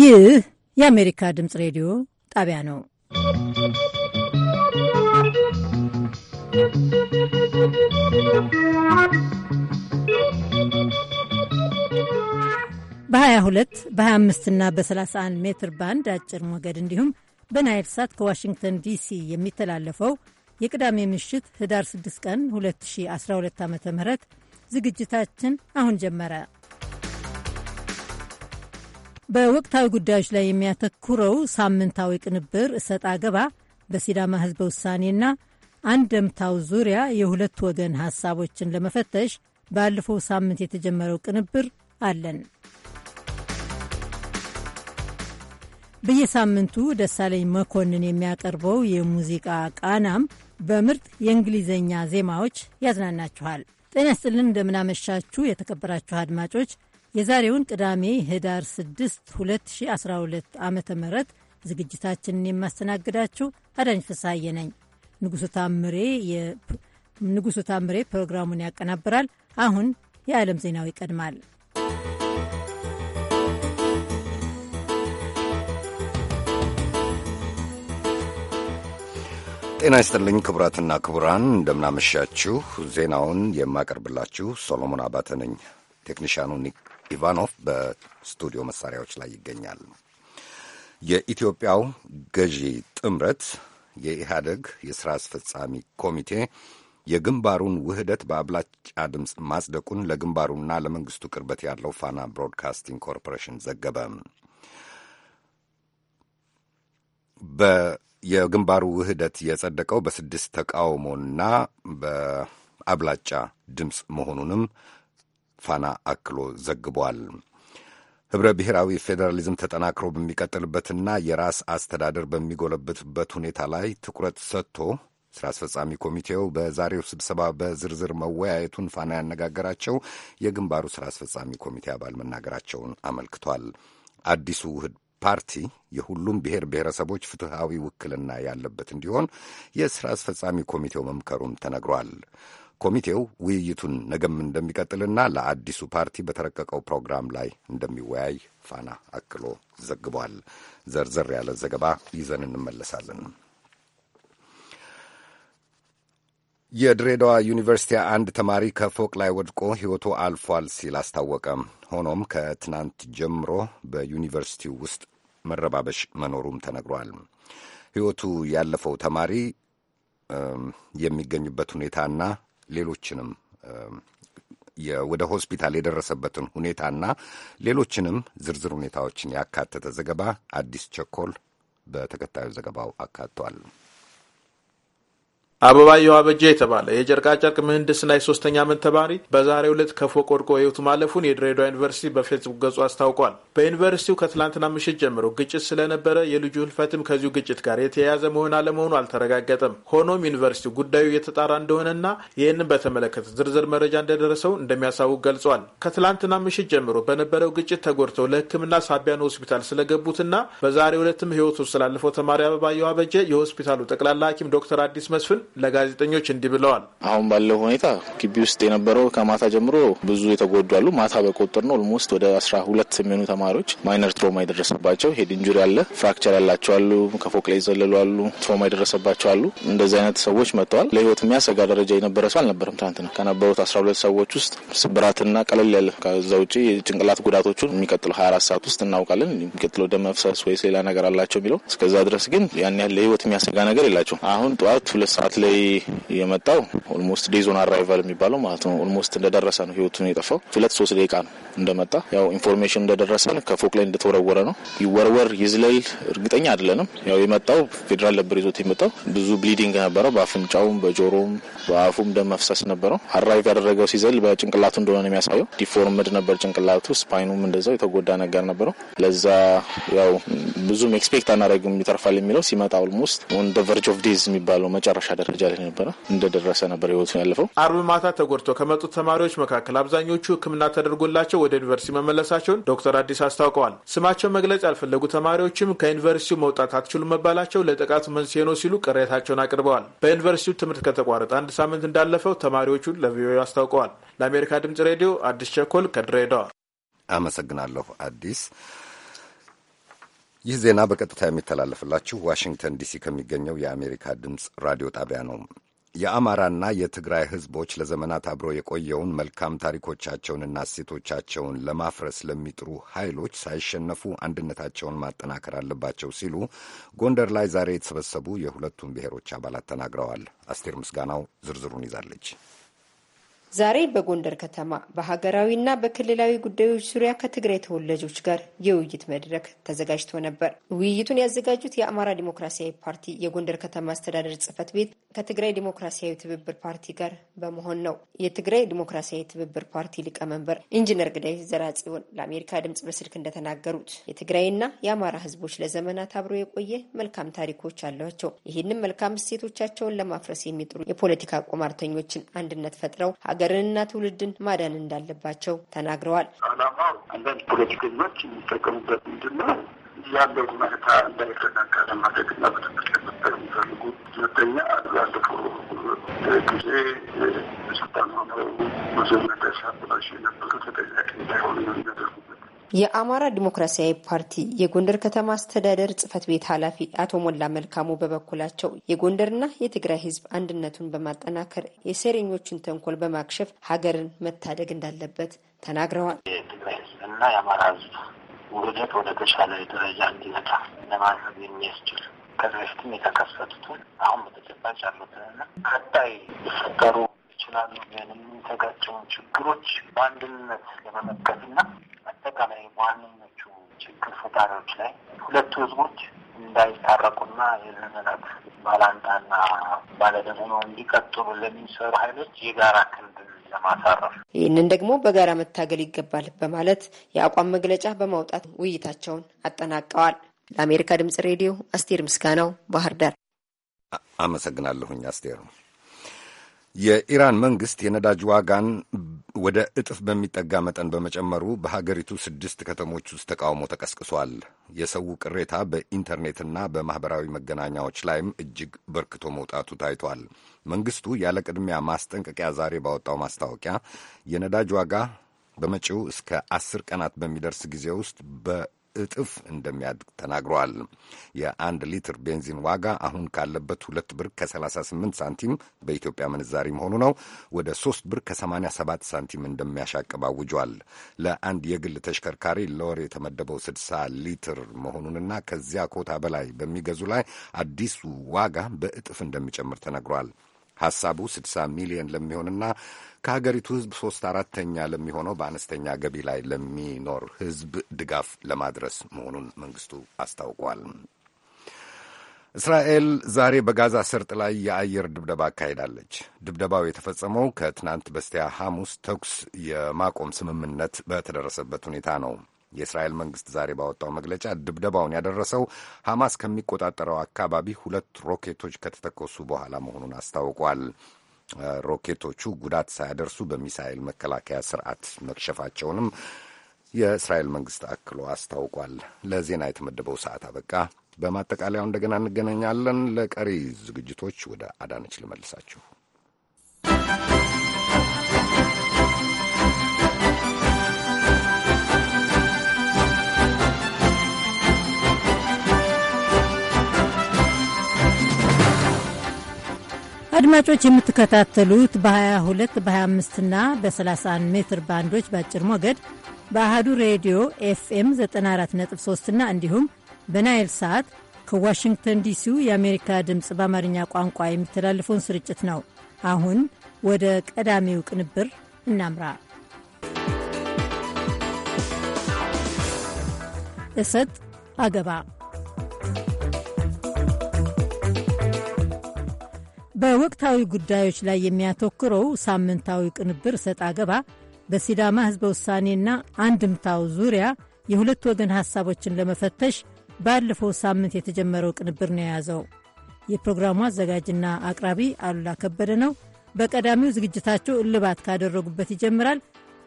ይህ የአሜሪካ ድምፅ ሬዲዮ ጣቢያ ነው። በ22 በ25 እና በ31 ሜትር ባንድ አጭር ሞገድ እንዲሁም በናይል ሳት ከዋሽንግተን ዲሲ የሚተላለፈው የቅዳሜ ምሽት ህዳር 6 ቀን 2012 ዓ ም ዝግጅታችን አሁን ጀመረ። በወቅታዊ ጉዳዮች ላይ የሚያተኩረው ሳምንታዊ ቅንብር እሰጥ አገባ በሲዳማ ሕዝበ ውሳኔና አንደምታው ዙሪያ የሁለት ወገን ሀሳቦችን ለመፈተሽ ባለፈው ሳምንት የተጀመረው ቅንብር አለን። በየሳምንቱ ደሳለኝ መኮንን የሚያቀርበው የሙዚቃ ቃናም በምርጥ የእንግሊዝኛ ዜማዎች ያዝናናችኋል። ጤና ስጥልን፣ እንደምናመሻችሁ የተከበራችሁ አድማጮች የዛሬውን ቅዳሜ ህዳር 6 2012 ዓ ም ዝግጅታችንን የማስተናግዳችሁ አዳኝ ፍሳሐዬ ነኝ። ንጉሱ ታምሬ ፕሮግራሙን ያቀናብራል። አሁን የዓለም ዜናው ይቀድማል። ጤና ይስጥልኝ ክቡራትና ክቡራን፣ እንደምናመሻችሁ። ዜናውን የማቀርብላችሁ ሶሎሞን አባተ ነኝ። ቴክኒሻኑ ኒክ ኢቫኖቭ በስቱዲዮ መሳሪያዎች ላይ ይገኛል። የኢትዮጵያው ገዢ ጥምረት የኢህአደግ የሥራ አስፈጻሚ ኮሚቴ የግንባሩን ውህደት በአብላጫ ድምፅ ማጽደቁን ለግንባሩና ለመንግሥቱ ቅርበት ያለው ፋና ብሮድካስቲንግ ኮርፖሬሽን ዘገበ። የግንባሩ ውህደት የጸደቀው በስድስት ተቃውሞና በአብላጫ ድምፅ መሆኑንም ፋና አክሎ ዘግቧል። ኅብረ ብሔራዊ ፌዴራሊዝም ተጠናክሮ በሚቀጥልበትና የራስ አስተዳደር በሚጎለብትበት ሁኔታ ላይ ትኩረት ሰጥቶ ስራ አስፈጻሚ ኮሚቴው በዛሬው ስብሰባ በዝርዝር መወያየቱን ፋና ያነጋገራቸው የግንባሩ ስራ አስፈጻሚ ኮሚቴ አባል መናገራቸውን አመልክቷል። አዲሱ ውህድ ፓርቲ የሁሉም ብሔር ብሔረሰቦች ፍትሐዊ ውክልና ያለበት እንዲሆን የስራ አስፈጻሚ ኮሚቴው መምከሩም ተነግሯል። ኮሚቴው ውይይቱን ነገም እንደሚቀጥልና ለአዲሱ ፓርቲ በተረቀቀው ፕሮግራም ላይ እንደሚወያይ ፋና አክሎ ዘግቧል። ዘርዘር ያለ ዘገባ ይዘን እንመለሳለን። የድሬዳዋ ዩኒቨርሲቲ አንድ ተማሪ ከፎቅ ላይ ወድቆ ሕይወቱ አልፏል ሲል አስታወቀ። ሆኖም ከትናንት ጀምሮ በዩኒቨርሲቲው ውስጥ መረባበሽ መኖሩም ተነግሯል። ሕይወቱ ያለፈው ተማሪ የሚገኝበት ሁኔታና ሌሎችንም ወደ ሆስፒታል የደረሰበትን ሁኔታና ሌሎችንም ዝርዝር ሁኔታዎችን ያካተተ ዘገባ አዲስ ቸኮል በተከታዩ ዘገባው አካቷል። አበባየሁ አበጀ የተባለ የጨርቃጨርቅ ምህንድስና የሶስተኛ ዓመት ተማሪ በዛሬው ዕለት ከፎቅ ወድቆ ህይወቱ ማለፉን የድሬዳዋ ዩኒቨርሲቲ በፌስቡክ ገጹ አስታውቋል። በዩኒቨርሲቲው ከትላንትና ምሽት ጀምሮ ግጭት ስለነበረ የልጁ ህልፈትም ከዚሁ ግጭት ጋር የተያያዘ መሆን አለመሆኑ አልተረጋገጠም። ሆኖም ዩኒቨርሲቲው ጉዳዩ እየተጣራ እንደሆነና ይህንን በተመለከተ ዝርዝር መረጃ እንደደረሰው እንደሚያሳውቅ ገልጿል። ከትላንትና ምሽት ጀምሮ በነበረው ግጭት ተጎድተው ለህክምና ሳቢያን ሆስፒታል ስለገቡትና በዛሬው ዕለትም ህይወቱ ስላለፈው ተማሪ አበባየሁ አበጀ የሆስፒታሉ ጠቅላላ ሐኪም ዶክተር አዲስ መስፍን ለጋዜጠኞች እንዲህ ብለዋል። አሁን ባለው ሁኔታ ግቢ ውስጥ የነበረው ከማታ ጀምሮ ብዙ የተጎዱ አሉ። ማታ በቁጥር ነው ኦልሞስት ወደ አስራ ሁለት የሚሆኑ ተማሪዎች ማይነር ትሮማ የደረሰባቸው ሄድ ኢንጁሪ አለ፣ ፍራክቸር ያላቸው አሉ፣ ከፎቅ ላይ ይዘለሉ አሉ፣ ትሮማ የደረሰባቸው አሉ። እንደዚህ አይነት ሰዎች መጥተዋል። ለህይወት የሚያሰጋ ደረጃ የነበረ ሰው አልነበረም። ትናንትና ከነበሩት አስራ ሁለት ሰዎች ውስጥ ስብራትና ቀለል ያለ ከዛ ውጭ የጭንቅላት ጉዳቶቹን የሚቀጥለው ሀያ አራት ሰዓት ውስጥ እናውቃለን። የሚቀጥለው ደም መፍሰስ ወይስ ሌላ ነገር አላቸው የሚለው እስከዛ ድረስ ግን ያን ያህል ለህይወት የሚያሰጋ ነገር የላቸው። አሁን ጠዋት ሁለት ሰዓት ላይ የመጣው ኦልሞስት ዴዞን አራይቫል የሚባለው ማለት ነው። ኦልሞስት እንደደረሰ ነው ህይወቱን የጠፋው። ሁለት ሶስት ደቂቃ ነው እንደመጣ ያው ኢንፎርሜሽን እንደደረሰን ከፎቅ ላይ እንደተወረወረ ነው። ይወርወር ይዝለል እርግጠኛ አይደለንም። ያው የመጣው ፌዴራል ነበር ይዞት የመጣው ብዙ ብሊዲንግ ነበረው። በአፍንጫውም፣ በጆሮም፣ በአፉም ደም መፍሰስ ነበረው። አራይቭ ያደረገው ሲዘል በጭንቅላቱ እንደሆነ የሚያሳየው ዲፎርምድ ነበር ጭንቅላቱ፣ ስፓይኑም እንደዛው የተጎዳ ነገር ነበረው። ለዛ ያው ብዙም ኤክስፔክት አናደረግም ይተርፋል የሚለው ሲመጣ ኦልሞስት ኦን ቨርጅ ኦፍ ዴዝ የሚባለው መጨረሻ ደረጃ ላይ ነበረ። እንደደረሰ ነበር ህይወቱ ያለፈው። አርብ ማታ ተጎድቶ ከመጡት ተማሪዎች መካከል አብዛኞቹ ሕክምና ተደርጎላቸው ወደ ዩኒቨርሲቲ መመለሳቸውን ዶክተር አዲስ አስታውቀዋል። ስማቸው መግለጽ ያልፈለጉ ተማሪዎችም ከዩኒቨርሲቲው መውጣት አትችሉ መባላቸው ለጥቃቱ መንስኤ ነው ሲሉ ቅሬታቸውን አቅርበዋል። በዩኒቨርሲቲው ትምህርት ከተቋረጠ አንድ ሳምንት እንዳለፈው ተማሪዎቹ ለቪኦኤ አስታውቀዋል። ለአሜሪካ ድምጽ ሬዲዮ አዲስ ቸኮል ከድሬዳዋ አመሰግናለሁ አዲስ። ይህ ዜና በቀጥታ የሚተላለፍላችሁ ዋሽንግተን ዲሲ ከሚገኘው የአሜሪካ ድምፅ ራዲዮ ጣቢያ ነው። የአማራና የትግራይ ህዝቦች ለዘመናት አብሮ የቆየውን መልካም ታሪኮቻቸውንና እሴቶቻቸውን ለማፍረስ ለሚጥሩ ኃይሎች ሳይሸነፉ አንድነታቸውን ማጠናከር አለባቸው ሲሉ ጎንደር ላይ ዛሬ የተሰበሰቡ የሁለቱም ብሔሮች አባላት ተናግረዋል። አስቴር ምስጋናው ዝርዝሩን ይዛለች። ዛሬ በጎንደር ከተማ በሀገራዊና በክልላዊ ጉዳዮች ዙሪያ ከትግራይ ተወላጆች ጋር የውይይት መድረክ ተዘጋጅቶ ነበር። ውይይቱን ያዘጋጁት የአማራ ዲሞክራሲያዊ ፓርቲ የጎንደር ከተማ አስተዳደር ጽህፈት ቤት ከትግራይ ዲሞክራሲያዊ ትብብር ፓርቲ ጋር በመሆን ነው። የትግራይ ዲሞክራሲያዊ ትብብር ፓርቲ ሊቀመንበር ኢንጂነር ግዳይ ዘራጽዮን ለአሜሪካ ድምጽ በስልክ እንደተናገሩት የትግራይና የአማራ ህዝቦች ለዘመናት አብሮ የቆየ መልካም ታሪኮች አሏቸው። ይህንም መልካም እሴቶቻቸውን ለማፍረስ የሚጥሩ የፖለቲካ ቁማርተኞችን አንድነት ፈጥረው ሀገርንና ትውልድን ማዳን እንዳለባቸው ተናግረዋል። ዓላማው አንዳንድ ፖለቲከኞች የሚጠቀሙበት ምንድነው? ያለው ሁኔታ እንዳይረጋጋ ለማድረግና በትምህርት ለመጠር የሚፈልጉ ሁለተኛ ያለፈው ጊዜ ስልጣን ሆነው ብዙ ነገር ሲያበላሹ የነበሩ ተጠያቂ እንዳይሆኑ የሚያደርጉበት የአማራ ዲሞክራሲያዊ ፓርቲ የጎንደር ከተማ አስተዳደር ጽህፈት ቤት ኃላፊ አቶ ሞላ መልካሙ በበኩላቸው የጎንደርና የትግራይ ህዝብ አንድነቱን በማጠናከር የሴረኞችን ተንኮል በማክሸፍ ሀገርን መታደግ እንዳለበት ተናግረዋል። የትግራይ ህዝብና የአማራ ህዝብ ውህደት ወደ ተሻለ ደረጃ እንዲመጣ ለማድረግ የሚያስችል ከዚህ በፊትም የተከሰቱትን አሁን በተጨባጭ ያሉትንና ቀጣይ ሊፈጠሩ ይችላሉ የሚያንምንተጋቸውን ችግሮች በአንድነት ለመመከትና አጠቃላይ ዋነኞቹ ችግር ፈጣሪዎች ላይ ሁለቱ ህዝቦች እንዳይታረቁና የዘመናት ባላንጣና ባለደመኖ እንዲቀጥሉ ለሚሰሩ ኃይሎች የጋራ ክንድ ለማሳረፍ ይህንን ደግሞ በጋራ መታገል ይገባል በማለት የአቋም መግለጫ በማውጣት ውይይታቸውን አጠናቀዋል። ለአሜሪካ ድምጽ ሬዲዮ አስቴር ምስጋናው ባህር ዳር። አመሰግናለሁኝ አስቴር። የኢራን መንግሥት የነዳጅ ዋጋን ወደ እጥፍ በሚጠጋ መጠን በመጨመሩ በሀገሪቱ ስድስት ከተሞች ውስጥ ተቃውሞ ተቀስቅሷል። የሰው ቅሬታ በኢንተርኔትና በማኅበራዊ መገናኛዎች ላይም እጅግ በርክቶ መውጣቱ ታይቷል። መንግሥቱ ያለ ቅድሚያ ማስጠንቀቂያ ዛሬ ባወጣው ማስታወቂያ የነዳጅ ዋጋ በመጪው እስከ አስር ቀናት በሚደርስ ጊዜ ውስጥ እጥፍ እንደሚያድግ ተናግረዋል። የአንድ ሊትር ቤንዚን ዋጋ አሁን ካለበት ሁለት ብር ከ38 ሳንቲም በኢትዮጵያ ምንዛሪ መሆኑ ነው ወደ ሶስት ብር ከ87 ሳንቲም እንደሚያሻቅብ አውጇል። ለአንድ የግል ተሽከርካሪ ለወር የተመደበው 60 ሊትር መሆኑንና ከዚያ ኮታ በላይ በሚገዙ ላይ አዲሱ ዋጋ በእጥፍ እንደሚጨምር ተነግሯል። ሐሳቡ 60 ሚሊዮን ለሚሆንና ከሀገሪቱ ህዝብ ሶስት አራተኛ ለሚሆነው በአነስተኛ ገቢ ላይ ለሚኖር ህዝብ ድጋፍ ለማድረስ መሆኑን መንግስቱ አስታውቋል። እስራኤል ዛሬ በጋዛ ሰርጥ ላይ የአየር ድብደባ አካሂዳለች። ድብደባው የተፈጸመው ከትናንት በስቲያ ሐሙስ ተኩስ የማቆም ስምምነት በተደረሰበት ሁኔታ ነው። የእስራኤል መንግስት ዛሬ ባወጣው መግለጫ ድብደባውን ያደረሰው ሐማስ ከሚቆጣጠረው አካባቢ ሁለት ሮኬቶች ከተተኮሱ በኋላ መሆኑን አስታውቋል። ሮኬቶቹ ጉዳት ሳያደርሱ በሚሳኤል መከላከያ ስርዓት መክሸፋቸውንም የእስራኤል መንግስት አክሎ አስታውቋል። ለዜና የተመደበው ሰዓት አበቃ። በማጠቃለያው እንደገና እንገናኛለን። ለቀሪ ዝግጅቶች ወደ አዳነች ልመልሳችሁ። አድማጮች የምትከታተሉት በ22 በ25 እና በ31 ሜትር ባንዶች በአጭር ሞገድ በአህዱ ሬዲዮ ኤፍኤም 94.3 እና እንዲሁም በናይል ሰዓት ከዋሽንግተን ዲሲው የአሜሪካ ድምፅ በአማርኛ ቋንቋ የሚተላለፈውን ስርጭት ነው። አሁን ወደ ቀዳሚው ቅንብር እናምራ። እሰጥ አገባ በወቅታዊ ጉዳዮች ላይ የሚያተኩረው ሳምንታዊ ቅንብር ሰጥ አገባ በሲዳማ ህዝበ ውሳኔና አንድምታው ዙሪያ የሁለት ወገን ሐሳቦችን ለመፈተሽ ባለፈው ሳምንት የተጀመረው ቅንብር ነው የያዘው። የፕሮግራሙ አዘጋጅና አቅራቢ አሉላ ከበደ ነው። በቀዳሚው ዝግጅታቸው እልባት ካደረጉበት ይጀምራል።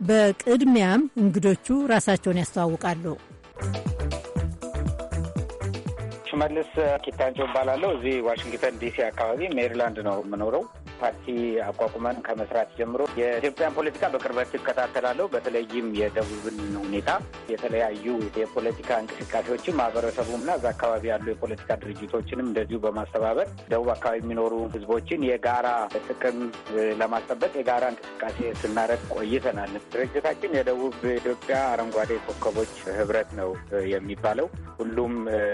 በቅድሚያም እንግዶቹ ራሳቸውን ያስተዋውቃሉ። ሽመልስ ኪታንጆ እባላለሁ። እዚህ ዋሽንግተን ዲሲ አካባቢ ሜሪላንድ ነው የምኖረው። ፓርቲ አቋቁመን ከመስራት ጀምሮ የኢትዮጵያን ፖለቲካ በቅርበት ይከታተላለሁ በተለይም የደቡብን ሁኔታ፣ የተለያዩ የፖለቲካ እንቅስቃሴዎችን ማህበረሰቡና እዛ አካባቢ ያሉ የፖለቲካ ድርጅቶችንም እንደዚሁ በማስተባበር ደቡብ አካባቢ የሚኖሩ ህዝቦችን የጋራ ጥቅም ለማስጠበቅ የጋራ እንቅስቃሴ ስናደርግ ቆይተናል። ድርጅታችን የደቡብ ኢትዮጵያ አረንጓዴ ኮከቦች ህብረት ነው የሚባለው። ሁሉም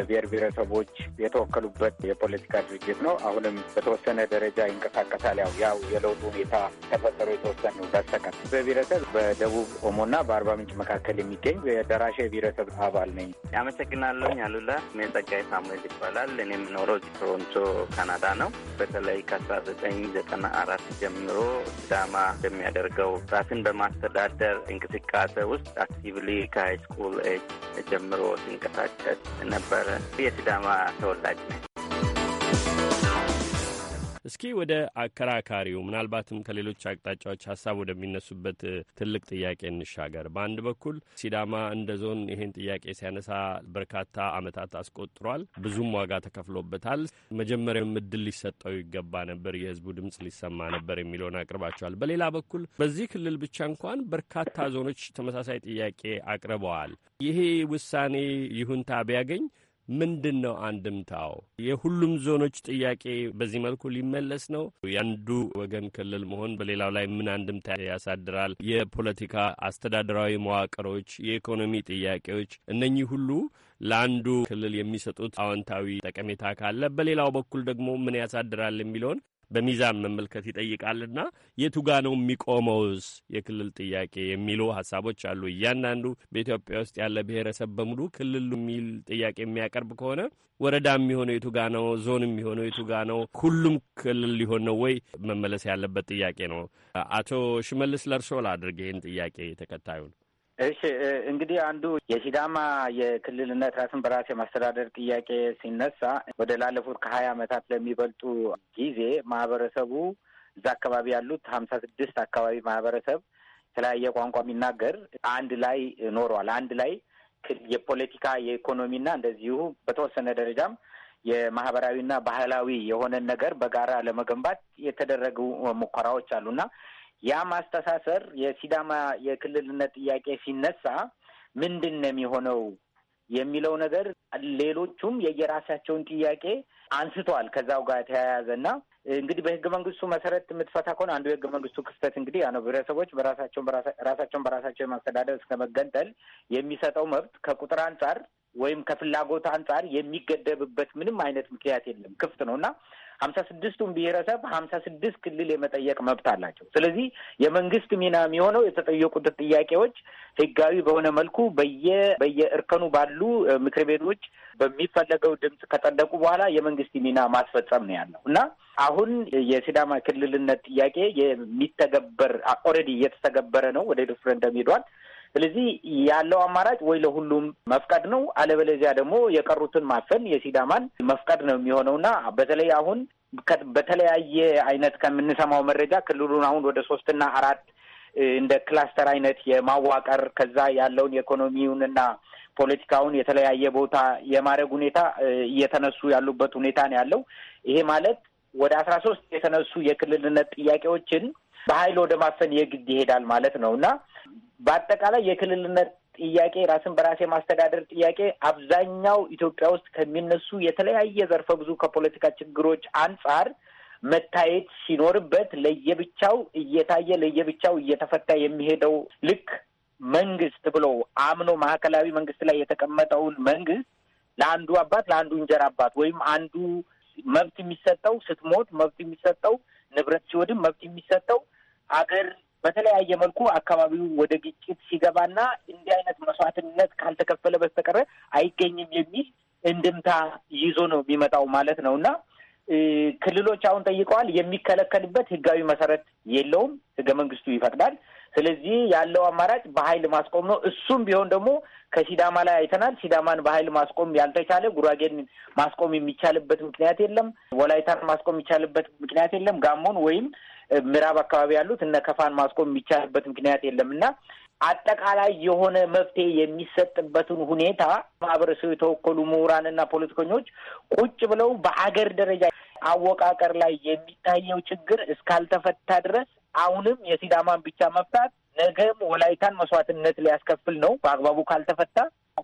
ብሔር ብሔረሰቦች የተወከሉበት የፖለቲካ ድርጅት ነው። አሁንም በተወሰነ ደረጃ ይንቀሳቀሳል ይባላል። ያው ያው የለውጡ ሁኔታ ተፈጠሮ የተወሰኑ ዳሰቀን በብሔረሰብ በደቡብ ኦሞና በአርባ ምንጭ መካከል የሚገኝ የደራሼ ብሔረሰብ አባል ነኝ። አመሰግናለሁኝ። አሉላ ሜ ጸጋይ ሳሙኤል ይባላል። እኔ የምኖረው ቶሮንቶ ካናዳ ነው። በተለይ ከአስራ ዘጠኝ ዘጠና አራት ጀምሮ ሲዳማ በሚያደርገው ራስን በማስተዳደር እንቅስቃሴ ውስጥ አክቲቭሊ ከሃይ ስኩል ጀምሮ ሲንቀሳቀስ ነበረ። የሲዳማ ተወላጅ ነኝ። እስኪ ወደ አከራካሪው ምናልባትም ከሌሎች አቅጣጫዎች ሀሳብ ወደሚነሱበት ትልቅ ጥያቄ እንሻገር። በአንድ በኩል ሲዳማ እንደ ዞን ይህን ጥያቄ ሲያነሳ በርካታ ዓመታት አስቆጥሯል። ብዙም ዋጋ ተከፍሎበታል። መጀመሪያውም እድል ሊሰጠው ይገባ ነበር፣ የህዝቡ ድምፅ ሊሰማ ነበር የሚለውን አቅርባቸዋል። በሌላ በኩል በዚህ ክልል ብቻ እንኳን በርካታ ዞኖች ተመሳሳይ ጥያቄ አቅርበዋል። ይሄ ውሳኔ ይሁንታ ቢያገኝ ምንድን ነው አንድምታው? የሁሉም ዞኖች ጥያቄ በዚህ መልኩ ሊመለስ ነው? የአንዱ ወገን ክልል መሆን በሌላው ላይ ምን አንድምታ ያሳድራል? የፖለቲካ አስተዳደራዊ መዋቅሮች፣ የኢኮኖሚ ጥያቄዎች፣ እነኚህ ሁሉ ለአንዱ ክልል የሚሰጡት አዎንታዊ ጠቀሜታ ካለ፣ በሌላው በኩል ደግሞ ምን ያሳድራል የሚለውን በሚዛን መመልከት ይጠይቃልና የቱ ጋ ነው የሚቆመውስ የክልል ጥያቄ የሚሉ ሀሳቦች አሉ። እያንዳንዱ በኢትዮጵያ ውስጥ ያለ ብሔረሰብ በሙሉ ክልሉ የሚል ጥያቄ የሚያቀርብ ከሆነ ወረዳ የሚሆነው የቱ ጋ ነው? ዞን የሚሆነው የቱ ጋ ነው? ሁሉም ክልል ሊሆን ነው ወይ? መመለስ ያለበት ጥያቄ ነው። አቶ ሽመልስ ለርሶ ላድርግ ይህን ጥያቄ ተከታዩን እሺ እንግዲህ አንዱ የሲዳማ የክልልነት ራስን በራስ የማስተዳደር ጥያቄ ሲነሳ ወደ ላለፉት ከሀያ ዓመታት ለሚበልጡ ጊዜ ማህበረሰቡ እዛ አካባቢ ያሉት ሀምሳ ስድስት አካባቢ ማህበረሰብ የተለያየ ቋንቋ የሚናገር አንድ ላይ ኖሯል። አንድ ላይ የፖለቲካ የኢኮኖሚና እንደዚሁ በተወሰነ ደረጃም የማህበራዊና ባህላዊ የሆነን ነገር በጋራ ለመገንባት የተደረጉ ሙከራዎች አሉና ያ ማስተሳሰር የሲዳማ የክልልነት ጥያቄ ሲነሳ ምንድን ነው የሚሆነው የሚለው ነገር ሌሎቹም የየራሳቸውን ጥያቄ አንስተዋል። ከዛው ጋር ተያያዘ እና እንግዲህ በህገ መንግስቱ መሰረት የምትፈታ ከሆነ አንዱ የህገ መንግስቱ ክፍተት እንግዲህ ያ ነው። ብሔረሰቦች በራሳቸውን ራሳቸውን በራሳቸው የማስተዳደር እስከ መገንጠል የሚሰጠው መብት ከቁጥር አንጻር ወይም ከፍላጎት አንጻር የሚገደብበት ምንም አይነት ምክንያት የለም። ክፍት ነው እና ሀምሳ ስድስቱን ብሔረሰብ ሀምሳ ስድስት ክልል የመጠየቅ መብት አላቸው። ስለዚህ የመንግስት ሚና የሚሆነው የተጠየቁት ጥያቄዎች ህጋዊ በሆነ መልኩ በየ በየእርከኑ ባሉ ምክር ቤቶች በሚፈለገው ድምፅ ከጠለቁ በኋላ የመንግስት ሚና ማስፈጸም ነው ያለው እና አሁን የሲዳማ ክልልነት ጥያቄ የሚተገበር ኦልሬዲ እየተተገበረ ነው። ወደ ሪፍረንደም ሄዷል። ስለዚህ ያለው አማራጭ ወይ ለሁሉም መፍቀድ ነው፣ አለበለዚያ ደግሞ የቀሩትን ማፈን የሲዳማን መፍቀድ ነው የሚሆነውና በተለይ አሁን በተለያየ አይነት ከምንሰማው መረጃ ክልሉን አሁን ወደ ሶስትና አራት እንደ ክላስተር አይነት የማዋቀር ከዛ ያለውን የኢኮኖሚውንና ፖለቲካውን የተለያየ ቦታ የማድረግ ሁኔታ እየተነሱ ያሉበት ሁኔታ ነው ያለው። ይሄ ማለት ወደ አስራ ሶስት የተነሱ የክልልነት ጥያቄዎችን በኃይል ወደ ማፈን የግድ ይሄዳል ማለት ነው እና በአጠቃላይ የክልልነት ጥያቄ ራስን በራስ የማስተዳደር ጥያቄ አብዛኛው ኢትዮጵያ ውስጥ ከሚነሱ የተለያየ ዘርፈ ብዙ ከፖለቲካ ችግሮች አንጻር መታየት ሲኖርበት ለየብቻው እየታየ ለየብቻው እየተፈታ የሚሄደው ልክ መንግስት ብሎ አምኖ ማዕከላዊ መንግስት ላይ የተቀመጠውን መንግስት ለአንዱ አባት ለአንዱ እንጀራ አባት ወይም አንዱ መብት የሚሰጠው ስትሞት መብት የሚሰጠው ንብረት ሲወድም መብት የሚሰጠው አገር በተለያየ መልኩ አካባቢው ወደ ግጭት ሲገባና እንዲህ አይነት መስዋዕትነት ካልተከፈለ በስተቀረ አይገኝም የሚል እንድምታ ይዞ ነው የሚመጣው ማለት ነው እና ክልሎች አሁን ጠይቀዋል። የሚከለከልበት ህጋዊ መሰረት የለውም፣ ህገ መንግስቱ ይፈቅዳል። ስለዚህ ያለው አማራጭ በሀይል ማስቆም ነው። እሱም ቢሆን ደግሞ ከሲዳማ ላይ አይተናል። ሲዳማን በሀይል ማስቆም ያልተቻለ ጉራጌን ማስቆም የሚቻልበት ምክንያት የለም። ወላይታን ማስቆም የሚቻልበት ምክንያት የለም። ጋሞን ወይም ምዕራብ አካባቢ ያሉት እነ ከፋን ማስቆም የሚቻልበት ምክንያት የለም እና አጠቃላይ የሆነ መፍትሄ የሚሰጥበትን ሁኔታ ማህበረሰቡ የተወከሉ ምሁራንና ፖለቲከኞች ቁጭ ብለው በአገር ደረጃ አወቃቀር ላይ የሚታየው ችግር እስካልተፈታ ድረስ አሁንም የሲዳማን ብቻ መፍታት ነገም ወላይታን መስዋዕትነት ሊያስከፍል ነው። በአግባቡ ካልተፈታ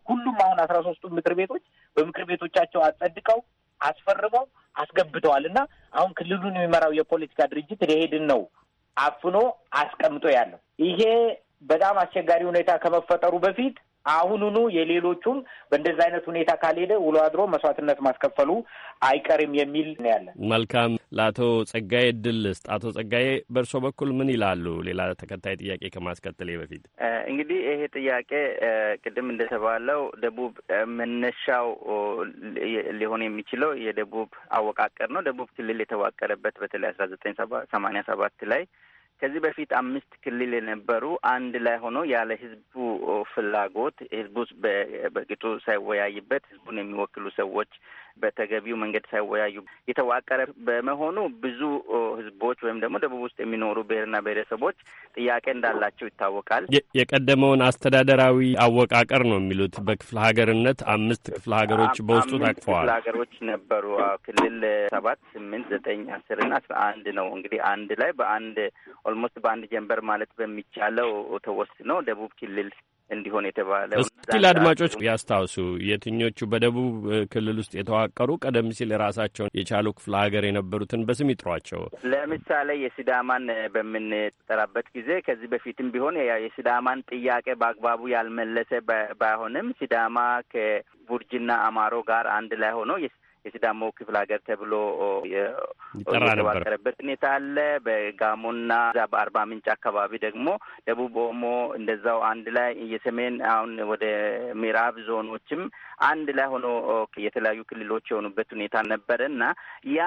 ሁሉም አሁን አስራ ሶስቱ ምክር ቤቶች በምክር ቤቶቻቸው አጸድቀው አስፈርመው አስገብተዋል እና አሁን ክልሉን የሚመራው የፖለቲካ ድርጅት ሄድን ነው አፍኖ አስቀምጦ ያለው ይሄ በጣም አስቸጋሪ ሁኔታ ከመፈጠሩ በፊት አሁኑኑ የሌሎቹም በእንደዚህ አይነት ሁኔታ ካልሄደ ውሎ አድሮ መስዋዕትነት ማስከፈሉ አይቀርም የሚል ነው ያለን። መልካም። ለአቶ ጸጋዬ እድል ስጥ። አቶ ጸጋዬ በእርሶ በኩል ምን ይላሉ? ሌላ ተከታይ ጥያቄ ከማስከተሌ በፊት እንግዲህ ይሄ ጥያቄ ቅድም እንደተባለው ደቡብ መነሻው ሊሆን የሚችለው የደቡብ አወቃቀር ነው። ደቡብ ክልል የተዋቀረበት በተለይ አስራ ዘጠኝ ሰባ ሰማኒያ ሰባት ላይ ከዚህ በፊት አምስት ክልል የነበሩ አንድ ላይ ሆኖ ያለ ህዝቡ ፍላጎት ህዝቡ በግጡ ሳይወያይበት ህዝቡን የሚወክሉ ሰዎች በተገቢው መንገድ ሳይወያዩ የተዋቀረ በመሆኑ ብዙ ህዝቦች ወይም ደግሞ ደቡብ ውስጥ የሚኖሩ ብሔርና ብሔረሰቦች ጥያቄ እንዳላቸው ይታወቃል። የቀደመውን አስተዳደራዊ አወቃቀር ነው የሚሉት። በክፍለ ሀገርነት አምስት ክፍለ ሀገሮች በውስጡ ታቅፈዋል። ክፍለ ሀገሮች ነበሩ። ክልል ሰባት፣ ስምንት፣ ዘጠኝ፣ አስር አስራ አንድ ነው እንግዲህ አንድ ላይ በአንድ ኦልሞስት በአንድ ጀንበር ማለት በሚቻለው ተወስኖ ደቡብ ክልል እንዲሆን የተባለው ስቲል አድማጮች ያስታውሱ የትኞቹ በደቡብ ክልል ውስጥ የተዋቀሩ ቀደም ሲል የራሳቸውን የቻሉ ክፍለ ሀገር የነበሩትን በስም ይጥሯቸው። ለምሳሌ የሲዳማን በምንጠራበት ጊዜ ከዚህ በፊትም ቢሆን የሲዳማን ጥያቄ በአግባቡ ያልመለሰ ባይሆንም ሲዳማ ከቡርጅና አማሮ ጋር አንድ ላይ ሆኖ የሲዳሞ ክፍለ ሀገር ተብሎ የተዋቀረበት ሁኔታ አለ። በጋሞና እዛ በአርባ ምንጭ አካባቢ ደግሞ ደቡብ ኦሞ እንደዛው አንድ ላይ የሰሜን አሁን ወደ ምዕራብ ዞኖችም አንድ ላይ ሆኖ የተለያዩ ክልሎች የሆኑበት ሁኔታ ነበረ እና ያ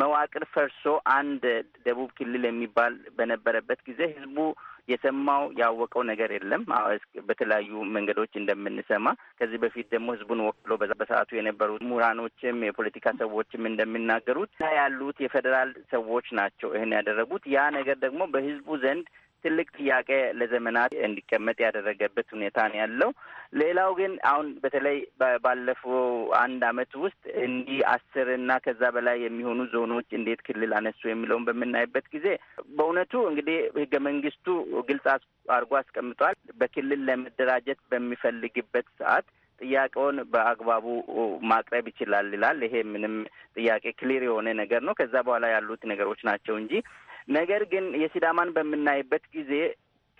መዋቅር ፈርሶ አንድ ደቡብ ክልል የሚባል በነበረበት ጊዜ ህዝቡ የሰማው ያወቀው ነገር የለም። በተለያዩ መንገዶች እንደምንሰማ ከዚህ በፊት ደግሞ ህዝቡን ወክሎ በሰዓቱ የነበሩት ምሁራኖችም የፖለቲካ ሰዎችም እንደሚናገሩት ያሉት የፌዴራል ሰዎች ናቸው ይህን ያደረጉት። ያ ነገር ደግሞ በህዝቡ ዘንድ ትልቅ ጥያቄ ለዘመናት እንዲቀመጥ ያደረገበት ሁኔታ ነው ያለው። ሌላው ግን አሁን በተለይ ባለፈው አንድ አመት ውስጥ እንዲህ አስር እና ከዛ በላይ የሚሆኑ ዞኖች እንዴት ክልል አነሱ የሚለውን በምናይበት ጊዜ በእውነቱ እንግዲህ ህገ መንግስቱ ግልጽ አድርጎ አስቀምጧል። በክልል ለመደራጀት በሚፈልግበት ሰዓት ጥያቄውን በአግባቡ ማቅረብ ይችላል ይላል። ይሄ ምንም ጥያቄ ክሊር የሆነ ነገር ነው። ከዛ በኋላ ያሉት ነገሮች ናቸው እንጂ ነገር ግን የሲዳማን በምናይበት ጊዜ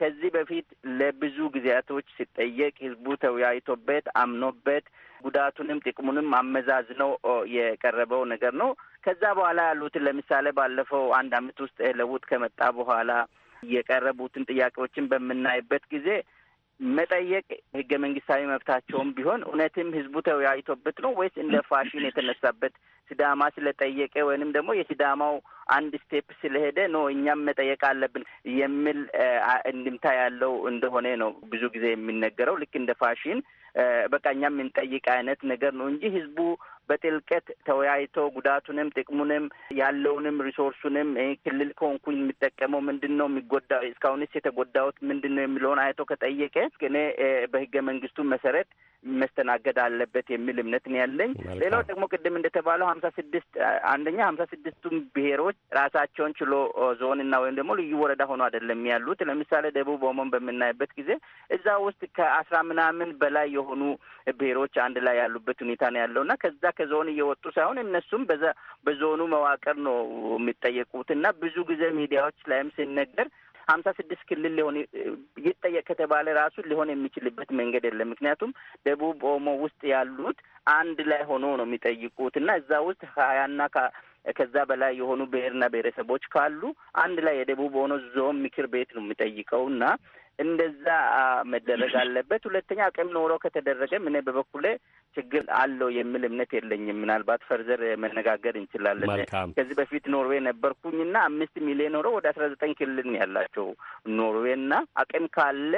ከዚህ በፊት ለብዙ ጊዜያቶች ሲጠየቅ ህዝቡ ተወያይቶበት አምኖበት ጉዳቱንም ጥቅሙንም አመዛዝ ነው የቀረበው ነገር ነው። ከዛ በኋላ ያሉትን ለምሳሌ ባለፈው አንድ አመት ውስጥ ለውጥ ከመጣ በኋላ የቀረቡትን ጥያቄዎችን በምናይበት ጊዜ መጠየቅ ህገ መንግስታዊ መብታቸውም ቢሆን እውነትም ህዝቡ ተወያይቶበት ነው ወይስ እንደ ፋሽን የተነሳበት ሲዳማ ስለጠየቀ ወይንም ደግሞ የሲዳማው አንድ ስቴፕ ስለሄደ ነው እኛም መጠየቅ አለብን የሚል እንድምታ ያለው እንደሆነ ነው ብዙ ጊዜ የሚነገረው። ልክ እንደ ፋሽን በቃ እኛም የምንጠይቅ አይነት ነገር ነው እንጂ ህዝቡ በጥልቀት ተወያይቶ ጉዳቱንም ጥቅሙንም ያለውንም ሪሶርሱንም ክልል ከሆንኩኝ የሚጠቀመው ምንድን ነው የሚጎዳው እስካሁንስ የተጎዳውት ምንድን ነው የሚለውን አይቶ ከጠየቀ እኔ በህገ መንግስቱ መሰረት መስተናገድ አለበት የሚል እምነት ነው ያለኝ። ሌላው ደግሞ ቅድም እንደተባለው ሀምሳ ስድስት አንደኛ ሀምሳ ስድስቱም ብሔሮች ራሳቸውን ችሎ ዞንና ወይም ደግሞ ልዩ ወረዳ ሆኖ አይደለም ያሉት። ለምሳሌ ደቡብ ኦሞን በምናይበት ጊዜ እዛ ውስጥ ከአስራ ምናምን በላይ የሆኑ ብሔሮች አንድ ላይ ያሉበት ሁኔታ ነው ያለው እና ከዛ ከዞን እየወጡ ሳይሆን እነሱም በዛ በዞኑ መዋቅር ነው የሚጠየቁት እና ብዙ ጊዜ ሚዲያዎች ላይም ሲነገር ሀምሳ ስድስት ክልል ሊሆን ይጠየቅ ከተባለ ራሱ ሊሆን የሚችልበት መንገድ የለም። ምክንያቱም ደቡብ ኦሞ ውስጥ ያሉት አንድ ላይ ሆኖ ነው የሚጠይቁት እና እዛ ውስጥ ሀያና ከዛ በላይ የሆኑ ብሔርና ብሔረሰቦች ካሉ አንድ ላይ የደቡብ ሆኖ ዞን ምክር ቤት ነው የሚጠይቀው እና እንደዛ መደረግ አለበት። ሁለተኛ አቅም ኖሮ ከተደረገ ምን በበኩል ችግር አለው የሚል እምነት የለኝም። ምናልባት ፈርዘር መነጋገር እንችላለን። ከዚህ በፊት ኖርዌይ ነበርኩኝና አምስት ሚሊዮን ኖሮ ወደ አስራ ዘጠኝ ክልል ያላቸው ኖርዌይና አቅም ካለ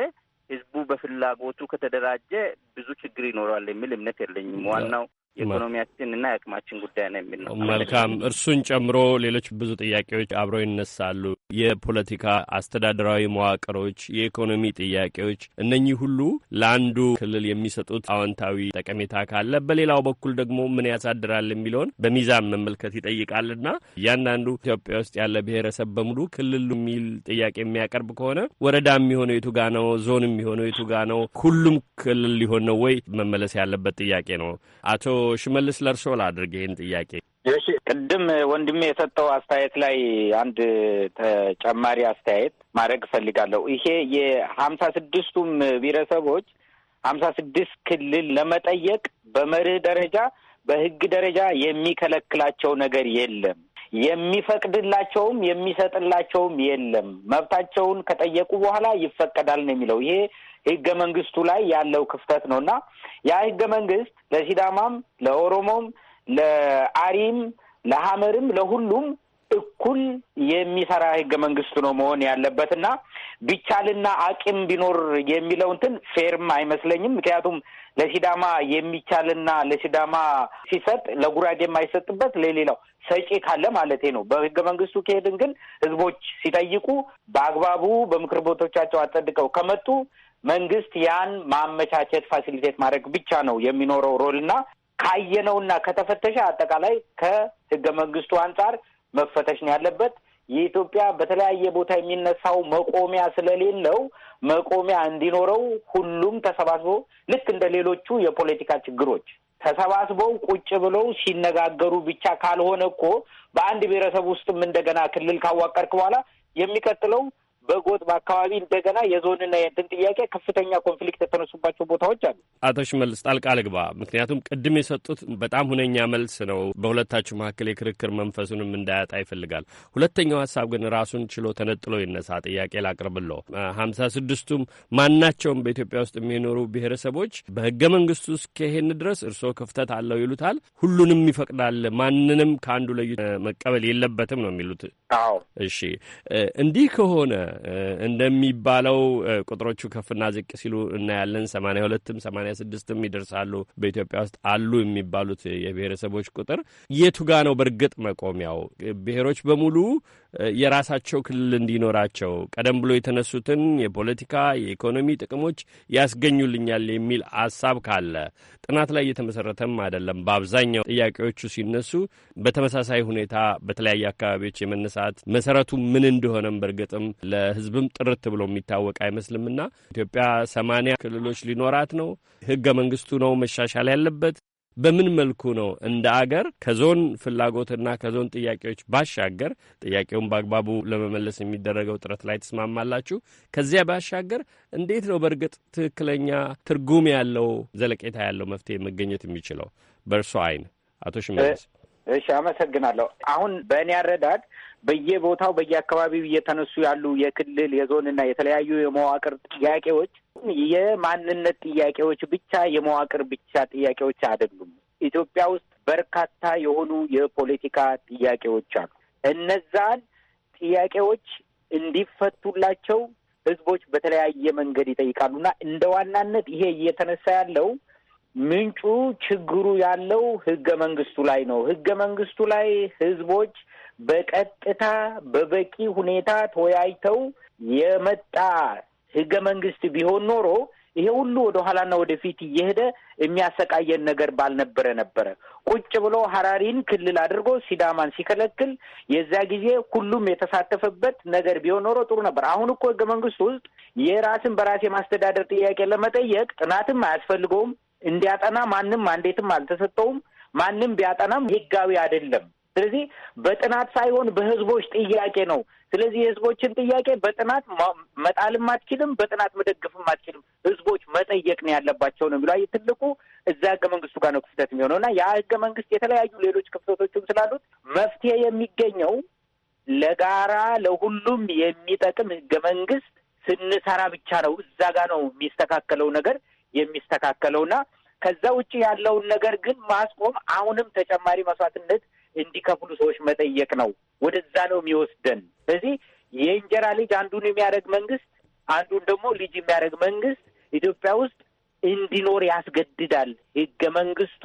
ህዝቡ በፍላጎቱ ከተደራጀ ብዙ ችግር ይኖረዋል የሚል እምነት የለኝም። ዋናው የኢኮኖሚያችንና የአቅማችን ጉዳይ ነው የሚል ነው። መልካም። እርሱን ጨምሮ ሌሎች ብዙ ጥያቄዎች አብረው ይነሳሉ። የፖለቲካ አስተዳደራዊ መዋቅሮች፣ የኢኮኖሚ ጥያቄዎች፣ እነኚህ ሁሉ ለአንዱ ክልል የሚሰጡት አዎንታዊ ጠቀሜታ ካለ በሌላው በኩል ደግሞ ምን ያሳድራል የሚለውን በሚዛን መመልከት ይጠይቃልና እያንዳንዱ ኢትዮጵያ ውስጥ ያለ ብሔረሰብ በሙሉ ክልል የሚል ጥያቄ የሚያቀርብ ከሆነ ወረዳ የሚሆነው ጋ ነው? ዞን የሚሆነው ጋ ነው? ሁሉም ክልል ሊሆን ነው ወይ? መመለስ ያለበት ጥያቄ ነው። አቶ ሽመልስ ለእርሶ ላድርግ ይህን ጥያቄ። እሺ ቅድም ወንድሜ የሰጠው አስተያየት ላይ አንድ ተጨማሪ አስተያየት ማድረግ እፈልጋለሁ። ይሄ የሀምሳ ስድስቱም ብሔረሰቦች ሀምሳ ስድስት ክልል ለመጠየቅ በመርህ ደረጃ በህግ ደረጃ የሚከለክላቸው ነገር የለም። የሚፈቅድላቸውም የሚሰጥላቸውም የለም። መብታቸውን ከጠየቁ በኋላ ይፈቀዳል ነው የሚለው። ይሄ ህገ መንግስቱ ላይ ያለው ክፍተት ነው እና ያ ህገ መንግስት ለሲዳማም፣ ለኦሮሞም፣ ለአሪም፣ ለሀመርም ለሁሉም እኩል የሚሰራ ህገ መንግስት ነው መሆን ያለበት እና ቢቻልና አቅም ቢኖር የሚለው እንትን ፌርም አይመስለኝም። ምክንያቱም ለሲዳማ የሚቻልና ለሲዳማ ሲሰጥ ለጉራጌ የማይሰጥበት ለሌላው ሰጪ ካለ ማለት ነው። በህገ መንግስቱ ከሄድን ግን ህዝቦች ሲጠይቁ በአግባቡ በምክር ቤቶቻቸው አጸድቀው ከመጡ መንግስት ያን ማመቻቸት ፋሲሊቴት ማድረግ ብቻ ነው የሚኖረው ሮል እና ካየነውና ከተፈተሸ አጠቃላይ ከህገ መንግስቱ አንጻር መፈተሽ ነው ያለበት። የኢትዮጵያ በተለያየ ቦታ የሚነሳው መቆሚያ ስለሌለው መቆሚያ እንዲኖረው ሁሉም ተሰባስቦ ልክ እንደ ሌሎቹ የፖለቲካ ችግሮች ተሰባስበው ቁጭ ብለው ሲነጋገሩ ብቻ ካልሆነ እኮ በአንድ ብሔረሰብ ውስጥም እንደገና ክልል ካዋቀርክ በኋላ የሚቀጥለው በጎጥ በአካባቢ እንደገና የዞንና የእንትን ጥያቄ ከፍተኛ ኮንፍሊክት የተነሱባቸው ቦታዎች አሉ። አቶ ሽመልስ ጣልቃ ልግባ፣ ምክንያቱም ቅድም የሰጡት በጣም ሁነኛ መልስ ነው። በሁለታችሁ መካከል የክርክር መንፈሱንም እንዳያጣ ይፈልጋል። ሁለተኛው ሀሳብ ግን ራሱን ችሎ ተነጥሎ ይነሳ። ጥያቄ ላቅርብለ ሀምሳ ስድስቱም ማናቸውም በኢትዮጵያ ውስጥ የሚኖሩ ብሔረሰቦች በህገ መንግስቱ እስከሄን ድረስ እርስዎ ክፍተት አለው ይሉታል። ሁሉንም ይፈቅዳል፣ ማንንም ከአንዱ ለይ መቀበል የለበትም ነው የሚሉት። እሺ፣ እንዲህ ከሆነ እንደሚባለው ቁጥሮቹ ከፍና ዝቅ ሲሉ እናያለን። ሰማንያ ሁለትም ሰማንያ ስድስትም ይደርሳሉ። በኢትዮጵያ ውስጥ አሉ የሚባሉት የብሔረሰቦች ቁጥር የቱጋ ነው በእርግጥ መቆሚያው? ብሔሮች በሙሉ የራሳቸው ክልል እንዲኖራቸው ቀደም ብሎ የተነሱትን የፖለቲካ የኢኮኖሚ ጥቅሞች ያስገኙልኛል የሚል አሳብ ካለ ጥናት ላይ እየተመሰረተም አይደለም። በአብዛኛው ጥያቄዎቹ ሲነሱ በተመሳሳይ ሁኔታ በተለያየ አካባቢዎች የመነሳት መሰረቱ ምን እንደሆነም በእርግጥም ለህዝብም ጥርት ብሎ የሚታወቅ አይመስልምና ኢትዮጵያ ሰማንያ ክልሎች ሊኖራት ነው። ህገ መንግስቱ ነው መሻሻል ያለበት። በምን መልኩ ነው እንደ አገር ከዞን ፍላጎትና ከዞን ጥያቄዎች ባሻገር ጥያቄውን በአግባቡ ለመመለስ የሚደረገው ጥረት ላይ ትስማማላችሁ? ከዚያ ባሻገር እንዴት ነው በእርግጥ ትክክለኛ ትርጉም ያለው ዘለቄታ ያለው መፍትሄ መገኘት የሚችለው በእርሶ አይን አቶ ሽመልስ? እሺ፣ አመሰግናለሁ። አሁን በእኔ አረዳድ በየቦታው በየአካባቢው እየተነሱ ያሉ የክልል የዞንና የተለያዩ የመዋቅር ጥያቄዎች የማንነት ጥያቄዎች ብቻ የመዋቅር ብቻ ጥያቄዎች አይደሉም። ኢትዮጵያ ውስጥ በርካታ የሆኑ የፖለቲካ ጥያቄዎች አሉ። እነዛን ጥያቄዎች እንዲፈቱላቸው ህዝቦች በተለያየ መንገድ ይጠይቃሉና እንደ ዋናነት ይሄ እየተነሳ ያለው ምንጩ ችግሩ ያለው ህገ መንግስቱ ላይ ነው። ህገ መንግስቱ ላይ ህዝቦች በቀጥታ በበቂ ሁኔታ ተወያይተው የመጣ ህገ መንግስት ቢሆን ኖሮ ይሄ ሁሉ ወደ ኋላና ወደፊት እየሄደ የሚያሰቃየን ነገር ባልነበረ ነበረ። ቁጭ ብሎ ሀራሪን ክልል አድርጎ ሲዳማን ሲከለክል የዛ ጊዜ ሁሉም የተሳተፈበት ነገር ቢሆን ኖሮ ጥሩ ነበር። አሁን እኮ ህገ መንግስቱ ውስጥ የራስን በራስ የማስተዳደር ጥያቄ ለመጠየቅ ጥናትም አያስፈልገውም፣ እንዲያጠና ማንም ማንዴትም አልተሰጠውም። ማንም ቢያጠናም ህጋዊ አይደለም። ስለዚህ በጥናት ሳይሆን በህዝቦች ጥያቄ ነው። ስለዚህ የህዝቦችን ጥያቄ በጥናት መጣልም አትችልም፣ በጥናት መደገፍም አትችልም። ህዝቦች መጠየቅ ነው ያለባቸው ነው የሚለው ትልቁ እዛ ህገ መንግስቱ ጋር ነው ክፍተት የሚሆነው እና ያ ህገ መንግስት የተለያዩ ሌሎች ክፍተቶችም ስላሉት መፍትሄ የሚገኘው ለጋራ ለሁሉም የሚጠቅም ህገ መንግስት ስንሰራ ብቻ ነው። እዛ ጋር ነው የሚስተካከለው ነገር የሚስተካከለውና ከዛ ውጭ ያለውን ነገር ግን ማስቆም አሁንም ተጨማሪ መስዋዕትነት እንዲከፍሉ ሰዎች መጠየቅ ነው። ወደዛ ነው የሚወስደን። ስለዚህ የእንጀራ ልጅ አንዱን የሚያደርግ መንግስት፣ አንዱን ደግሞ ልጅ የሚያደርግ መንግስት ኢትዮጵያ ውስጥ እንዲኖር ያስገድዳል። ህገ መንግስቱ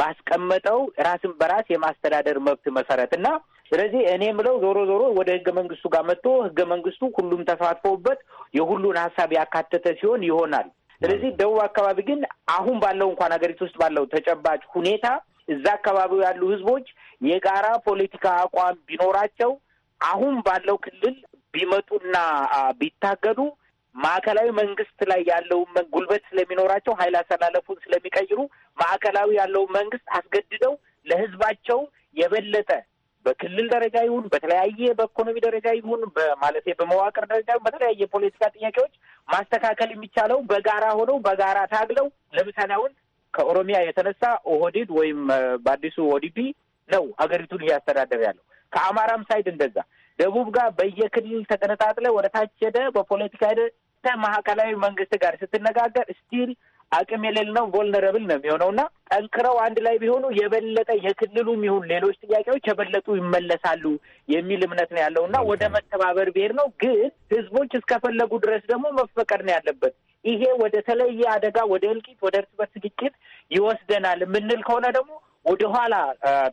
ባስቀመጠው ራስን በራስ የማስተዳደር መብት መሰረት እና ስለዚህ እኔ ምለው ዞሮ ዞሮ ወደ ህገ መንግስቱ ጋር መጥቶ ህገ መንግስቱ ሁሉም ተሳትፎበት የሁሉን ሀሳብ ያካተተ ሲሆን ይሆናል ስለዚህ ደቡብ አካባቢ ግን አሁን ባለው እንኳን ሀገሪቱ ውስጥ ባለው ተጨባጭ ሁኔታ እዛ አካባቢ ያሉ ህዝቦች የጋራ ፖለቲካ አቋም ቢኖራቸው አሁን ባለው ክልል ቢመጡና ቢታገዱ ማዕከላዊ መንግስት ላይ ያለውን ጉልበት ስለሚኖራቸው ኃይል አሰላለፉን ስለሚቀይሩ ማዕከላዊ ያለውን መንግስት አስገድደው ለህዝባቸው የበለጠ በክልል ደረጃ ይሁን በተለያየ በኢኮኖሚ ደረጃ ይሁን ማለት በመዋቅር ደረጃ በተለያየ ፖለቲካ ጥያቄዎች ማስተካከል የሚቻለው በጋራ ሆነው በጋራ ታግለው ለምሳሌ አሁን ከኦሮሚያ የተነሳ ኦህዴድ ወይም በአዲሱ ኦዲፒ ነው ሀገሪቱን እያስተዳደር ያለው። ከአማራም ሳይድ እንደዛ ደቡብ ጋር በየክልል ተቀነጣጥለ ወደ ታች ሄደ በፖለቲካ ሄደ ማዕከላዊ መንግስት ጋር ስትነጋገር ስቲል አቅም የሌለው ቮልነረብል ነው የሚሆነው እና ጠንክረው አንድ ላይ ቢሆኑ የበለጠ የክልሉም ይሁን ሌሎች ጥያቄዎች የበለጡ ይመለሳሉ የሚል እምነት ነው ያለው እና ወደ መተባበር ብሄድ ነው። ግን ህዝቦች እስከፈለጉ ድረስ ደግሞ መፈቀድ ነው ያለበት። ይሄ ወደ ተለየ አደጋ፣ ወደ እልቂት፣ ወደ እርስ በርስ ግጭት ይወስደናል የምንል ከሆነ ደግሞ ወደኋላ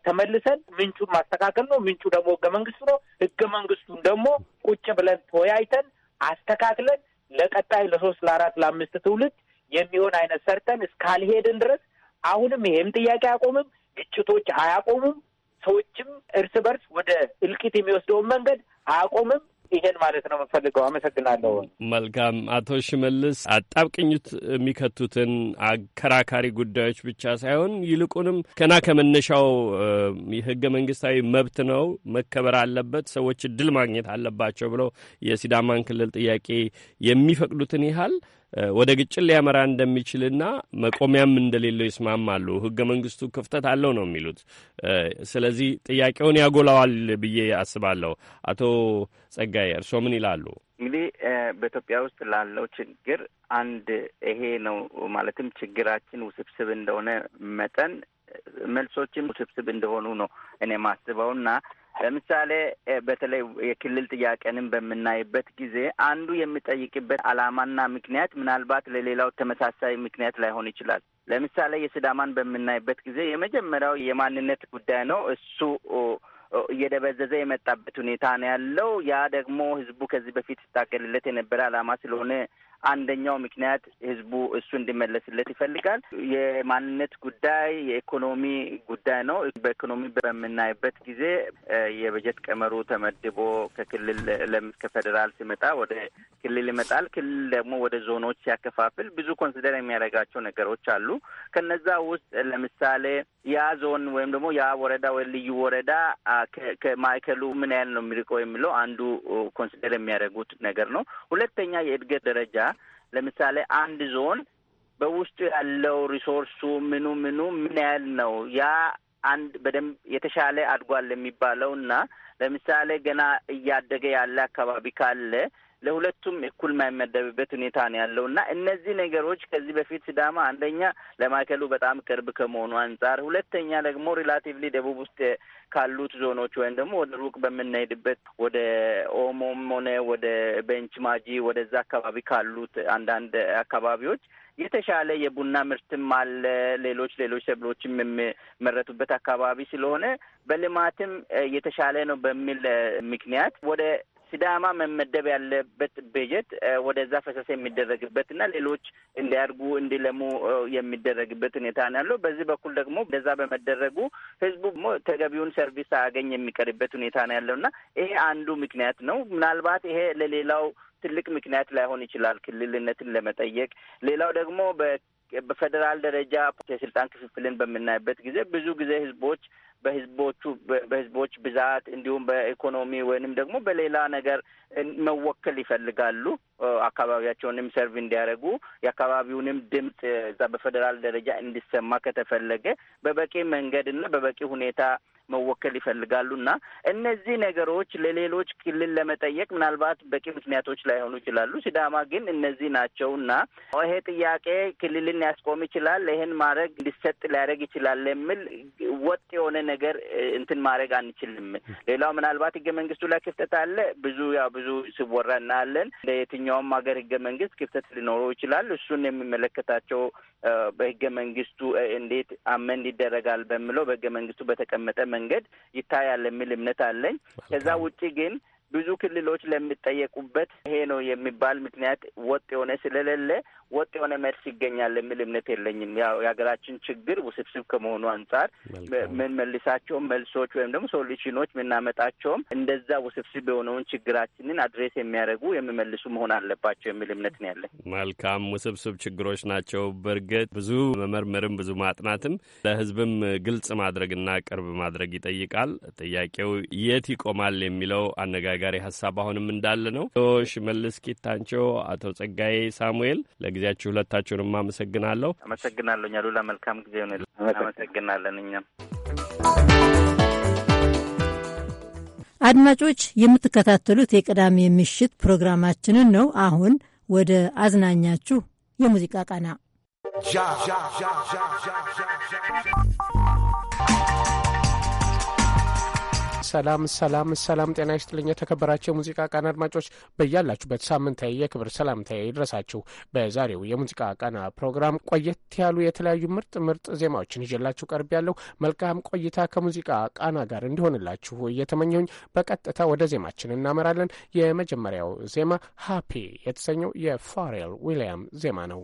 ተመልሰን ምንጩን ማስተካከል ነው። ምንጩ ደግሞ ህገ መንግስቱ ነው። ህገ መንግስቱን ደግሞ ቁጭ ብለን ተወያይተን አስተካክለን ለቀጣይ ለሶስት ለአራት ለአምስት ትውልድ የሚሆን አይነት ሰርተን እስካልሄድን ድረስ አሁንም ይሄም ጥያቄ አያቆምም፣ ግጭቶች አያቆሙም፣ ሰዎችም እርስ በርስ ወደ እልቂት የሚወስደውን መንገድ አያቆምም። ይሄን ማለት ነው የምፈልገው። አመሰግናለሁ። መልካም አቶ ሽመልስ አጣብቅኙት የሚከቱትን አከራካሪ ጉዳዮች ብቻ ሳይሆን ይልቁንም ከና ከመነሻው የህገ መንግስታዊ መብት ነው መከበር አለበት፣ ሰዎች እድል ማግኘት አለባቸው ብለው የሲዳማን ክልል ጥያቄ የሚፈቅዱትን ያህል ወደ ግጭት ሊያመራ እንደሚችልና መቆሚያም እንደሌለው ይስማማሉ። ህገ መንግስቱ ክፍተት አለው ነው የሚሉት። ስለዚህ ጥያቄውን ያጎላዋል ብዬ አስባለሁ። አቶ ጸጋዬ እርስዎ ምን ይላሉ? እንግዲህ በኢትዮጵያ ውስጥ ላለው ችግር አንድ ይሄ ነው ማለትም ችግራችን ውስብስብ እንደሆነ መጠን መልሶችም ውስብስብ እንደሆኑ ነው እኔ ማስበውና ለምሳሌ በተለይ የክልል ጥያቄንም በምናይበት ጊዜ አንዱ የሚጠይቅበት ዓላማና ምክንያት ምናልባት ለሌላው ተመሳሳይ ምክንያት ላይሆን ይችላል። ለምሳሌ የስዳማን በምናይበት ጊዜ የመጀመሪያው የማንነት ጉዳይ ነው። እሱ እየደበዘዘ የመጣበት ሁኔታ ነው ያለው። ያ ደግሞ ህዝቡ ከዚህ በፊት ሲታገልለት የነበረ ዓላማ ስለሆነ አንደኛው ምክንያት ህዝቡ እሱ እንዲመለስለት ይፈልጋል። የማንነት ጉዳይ፣ የኢኮኖሚ ጉዳይ ነው። በኢኮኖሚ በምናይበት ጊዜ የበጀት ቀመሩ ተመድቦ ከክልል ከፌዴራል ሲመጣ ወደ ክልል ይመጣል። ክልል ደግሞ ወደ ዞኖች ሲያከፋፍል ብዙ ኮንሲደር የሚያደርጋቸው ነገሮች አሉ። ከነዛ ውስጥ ለምሳሌ ያ ዞን ወይም ደግሞ ያ ወረዳ ወይ ልዩ ወረዳ ከማዕከሉ ምን ያህል ነው የሚርቀው የሚለው አንዱ ኮንሲደር የሚያደርጉት ነገር ነው። ሁለተኛ የእድገት ደረጃ ለምሳሌ አንድ ዞን በውስጡ ያለው ሪሶርሱ ምኑ ምኑ ምን ያህል ነው ያ አንድ በደንብ የተሻለ አድጓል የሚባለው እና ለምሳሌ ገና እያደገ ያለ አካባቢ ካለ ለሁለቱም እኩል የማይመደብበት ሁኔታ ነው ያለው እና እነዚህ ነገሮች ከዚህ በፊት ሲዳማ አንደኛ ለማዕከሉ በጣም ቅርብ ከመሆኑ አንጻር፣ ሁለተኛ ደግሞ ሪላቲቭሊ ደቡብ ውስጥ ካሉት ዞኖች ወይም ደግሞ ወደ ሩቅ በምናሄድበት ወደ ኦሞም ሆነ ወደ ቤንች ማጂ ወደዛ አካባቢ ካሉት አንዳንድ አካባቢዎች የተሻለ የቡና ምርትም አለ። ሌሎች ሌሎች ሰብሎችም የሚመረቱበት አካባቢ ስለሆነ በልማትም የተሻለ ነው በሚል ምክንያት ወደ ሲዳማ መመደብ ያለበት በጀት ወደዛ የሚደረግበት የሚደረግበትና ሌሎች እንዲያድጉ እንዲለሙ የሚደረግበት ሁኔታ ነው ያለው። በዚህ በኩል ደግሞ እንደዛ በመደረጉ ህዝቡ ሞ ተገቢውን ሰርቪስ አያገኝ የሚቀርበት ሁኔታ ነው ያለው እና ይሄ አንዱ ምክንያት ነው። ምናልባት ይሄ ለሌላው ትልቅ ምክንያት ላይሆን ይችላል ክልልነትን ለመጠየቅ። ሌላው ደግሞ በፌዴራል ደረጃ የስልጣን ክፍፍልን በምናይበት ጊዜ ብዙ ጊዜ ህዝቦች በህዝቦቹ በህዝቦች ብዛት እንዲሁም በኢኮኖሚ ወይንም ደግሞ በሌላ ነገር መወከል ይፈልጋሉ። አካባቢያቸውንም ሰርቭ እንዲያደርጉ የአካባቢውንም ድምፅ እዛ በፌዴራል ደረጃ እንዲሰማ ከተፈለገ በበቂ መንገድ እና በበቂ ሁኔታ መወከል ይፈልጋሉ እና እነዚህ ነገሮች ለሌሎች ክልል ለመጠየቅ ምናልባት በቂ ምክንያቶች ላይሆኑ ይችላሉ። ሲዳማ ግን እነዚህ ናቸው እና ይሄ ጥያቄ ክልልን ያስቆም ይችላል፣ ይህን ማድረግ ሊሰጥ ሊያደረግ ይችላል የሚል ወጥ የሆነ ነገር እንትን ማድረግ አንችልም። ሌላው ምናልባት ህገ መንግስቱ ላይ ክፍተት አለ። ብዙ ያው ብዙ ሲወራ እናያለን። ለየትኛውም ሀገር ህገ መንግስት ክፍተት ሊኖረው ይችላል። እሱን የሚመለከታቸው በህገ መንግስቱ እንዴት አመንድ ይደረጋል በሚለው በህገ መንግስቱ በተቀመጠ መንገድ ይታያል የሚል እምነት አለኝ። ከዛ ውጭ ግን ብዙ ክልሎች ለሚጠየቁበት ይሄ ነው የሚባል ምክንያት ወጥ የሆነ ስለሌለ ወጥ የሆነ መልስ ይገኛል የሚል እምነት የለኝም። ያው የሀገራችን ችግር ውስብስብ ከመሆኑ አንጻር ምን መልሳቸውም መልሶች ወይም ደግሞ ሶሉሽኖች የምናመጣቸውም እንደዛ ውስብስብ የሆነውን ችግራችንን አድሬስ የሚያደርጉ የሚመልሱ መሆን አለባቸው የሚል እምነት ነው ያለኝ። መልካም ውስብስብ ችግሮች ናቸው። በእርግጥ ብዙ መመርመርም ብዙ ማጥናትም ለህዝብም ግልጽ ማድረግና ቅርብ ማድረግ ይጠይቃል። ጥያቄው የት ይቆማል የሚለው አነጋጋሪ ሀሳብ አሁንም እንዳለ ነው። ሽመልስ ኬታንቸው፣ አቶ ጸጋዬ ሳሙኤል ጊዜያችሁ ሁለታችሁንም አመሰግናለሁ። አመሰግናለሁ። አሉላ መልካም ጊዜ ሆነ። አመሰግናለን። እኛም አድማጮች የምትከታተሉት የቅዳሜ ምሽት ፕሮግራማችንን ነው። አሁን ወደ አዝናኛችሁ የሙዚቃ ቃና ሰላም ሰላም ሰላም። ጤና ይስጥልኝ የተከበራቸው የሙዚቃ ቃና አድማጮች በያላችሁበት ሳምንታዊ የክብር ሰላምታዬ ይድረሳችሁ። በዛሬው የሙዚቃ ቃና ፕሮግራም ቆየት ያሉ የተለያዩ ምርጥ ምርጥ ዜማዎችን ይዤላችሁ ቀርብ ያለው መልካም ቆይታ ከሙዚቃ ቃና ጋር እንዲሆንላችሁ እየተመኘሁኝ በቀጥታ ወደ ዜማችን እናመራለን። የመጀመሪያው ዜማ ሀፒ የተሰኘው የፋሬል ዊሊያም ዜማ ነው።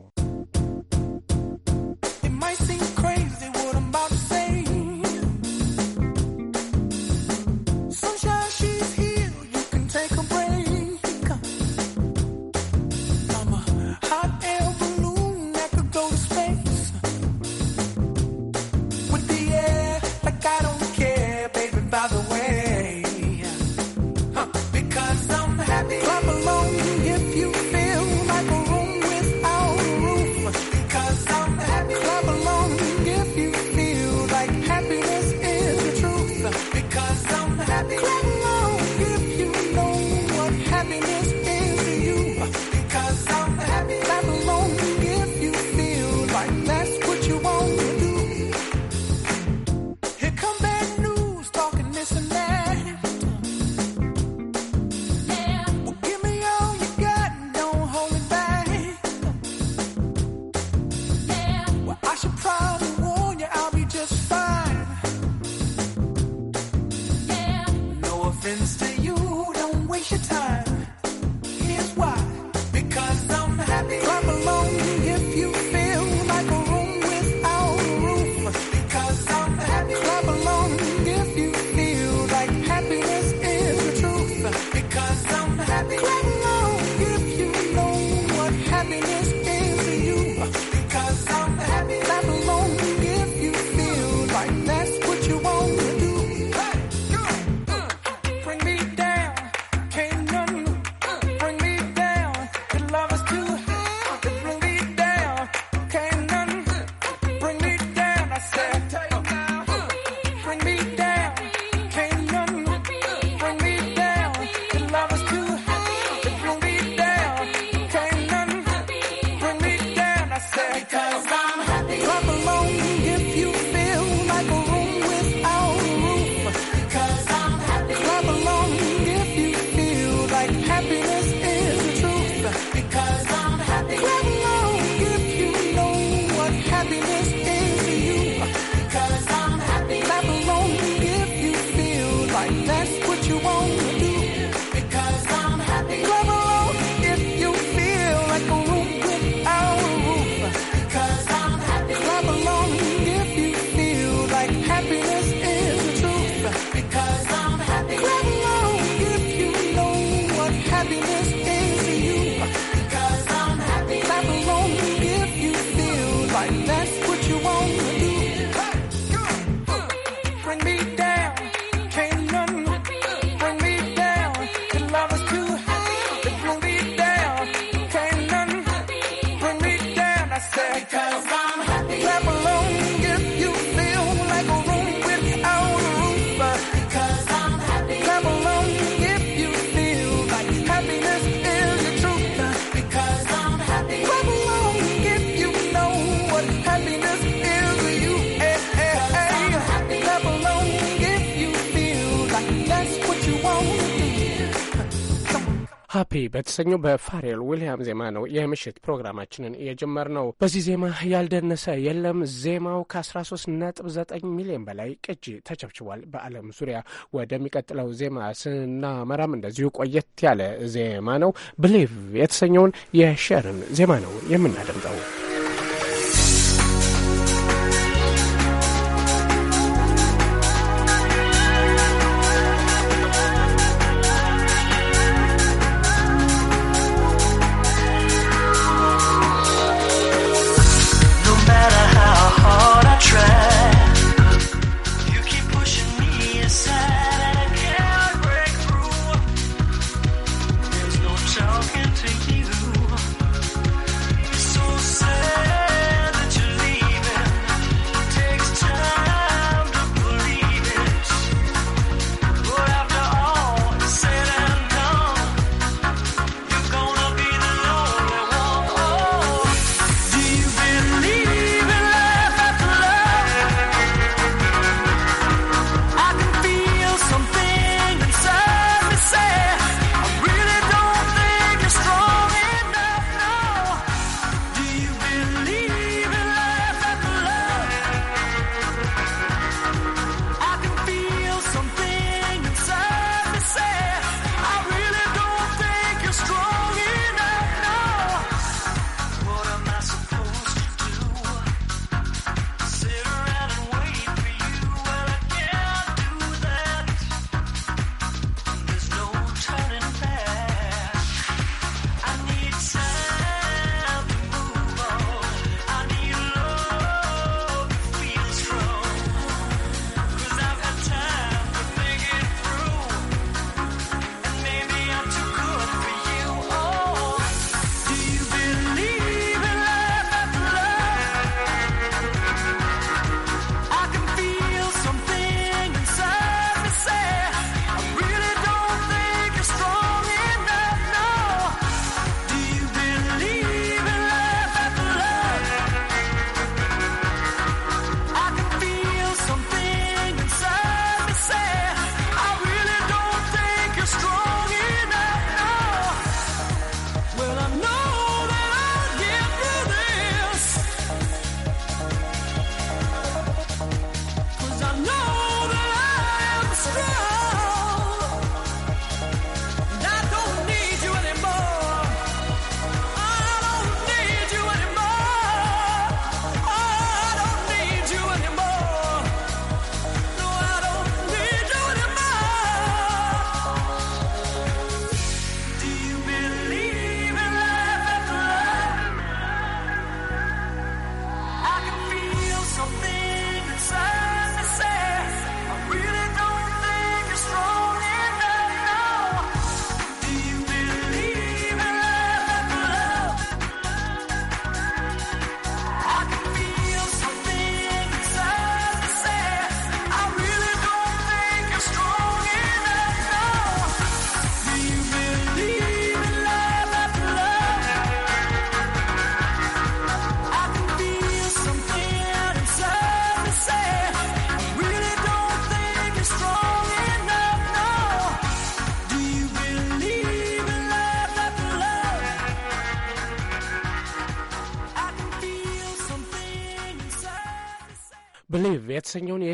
በተሰኘው በፋሬል ዊልያም ዜማ ነው የምሽት ፕሮግራማችንን እየጀመር ነው። በዚህ ዜማ ያልደነሰ የለም። ዜማው ከ 13 9 ሚሊዮን በላይ ቅጂ ተቸብችቧል በዓለም ዙሪያ። ወደሚቀጥለው ዜማ ስናመራም እንደዚሁ ቆየት ያለ ዜማ ነው። ብሊቭ የተሰኘውን የሸርን ዜማ ነው የምናደምጠው።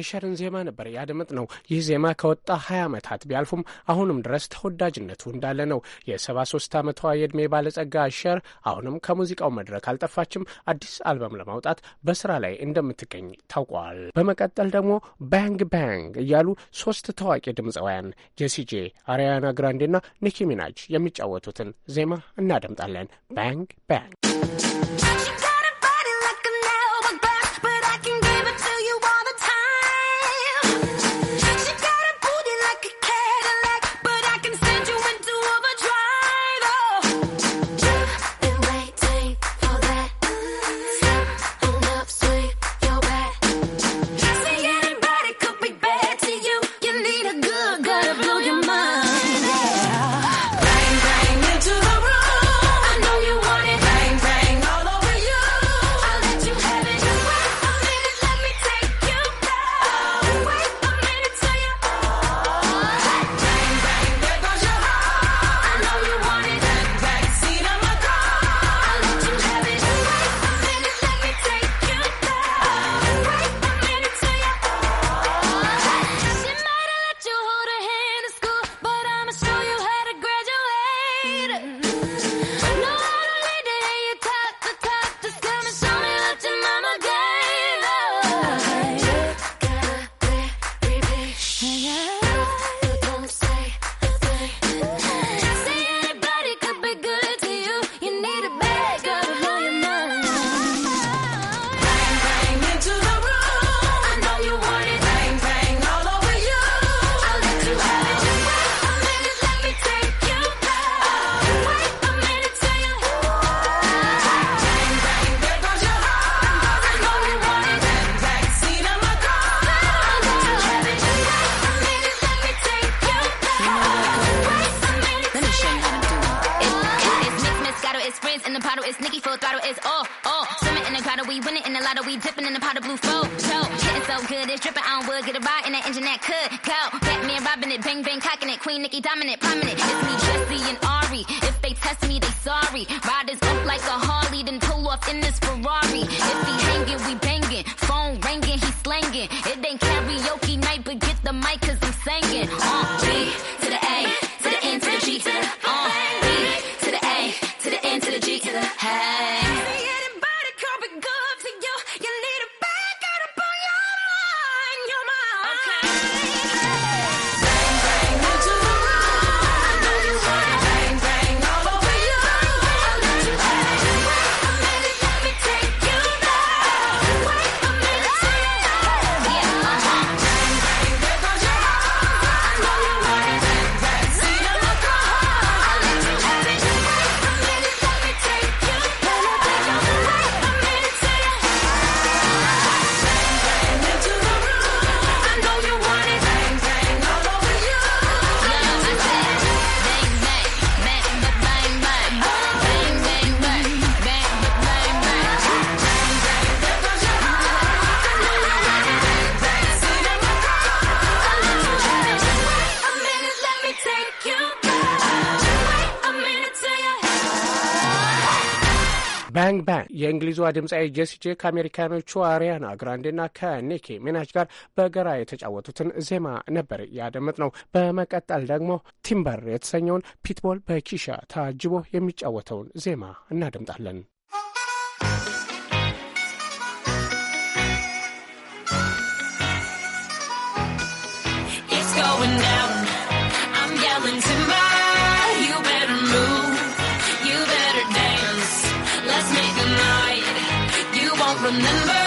የሸርን ዜማ ነበር ያደመጥ ነው። ይህ ዜማ ከወጣ ሀያ ዓመታት ቢያልፉም አሁንም ድረስ ተወዳጅነቱ እንዳለ ነው የሰባ ሶስት ዓመቷ የዕድሜ ባለጸጋ ሸር አሁንም ከሙዚቃው መድረክ አልጠፋችም። አዲስ አልበም ለማውጣት በስራ ላይ እንደምትገኝ ታውቋል። በመቀጠል ደግሞ ባንግ ባንግ እያሉ ሶስት ታዋቂ ድምፃውያን ጄሲጄ፣ አሪያና ግራንዴና ኒኪ ሚናጅ የሚጫወቱትን ዜማ እናደምጣለን። ባንግ ባንግ ከእንግሊዟ ድምፃዊ ጄሲጄ ከአሜሪካኖቹ አሪያና ግራንዴና ከኒኪ ሚናጅ ጋር በጋራ የተጫወቱትን ዜማ ነበር ያደመጥ ነው። በመቀጠል ደግሞ ቲምበር የተሰኘውን ፒትቦል በኪሻ ታጅቦ የሚጫወተውን ዜማ እናደምጣለን። now remember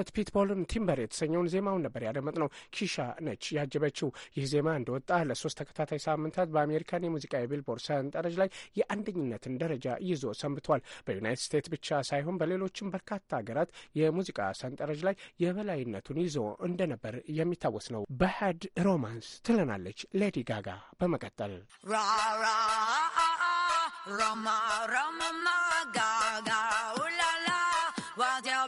በት ፒትቦልም ቲምበር የተሰኘውን ዜማውን ነበር ያደመጥነው። ኪሻ ነች ያጀበችው። ይህ ዜማ እንደወጣ ለሶስት ተከታታይ ሳምንታት በአሜሪካን የሙዚቃ የቢልቦርድ ሰንጠረዥ ላይ የአንደኝነትን ደረጃ ይዞ ሰንብቷል። በዩናይትድ ስቴትስ ብቻ ሳይሆን በሌሎችም በርካታ ሀገራት የሙዚቃ ሰንጠረዥ ላይ የበላይነቱን ይዞ እንደነበር የሚታወስ ነው። ባድ ሮማንስ ትለናለች ሌዲ ጋጋ በመቀጠል Roma, Roma, Gaga, ooh la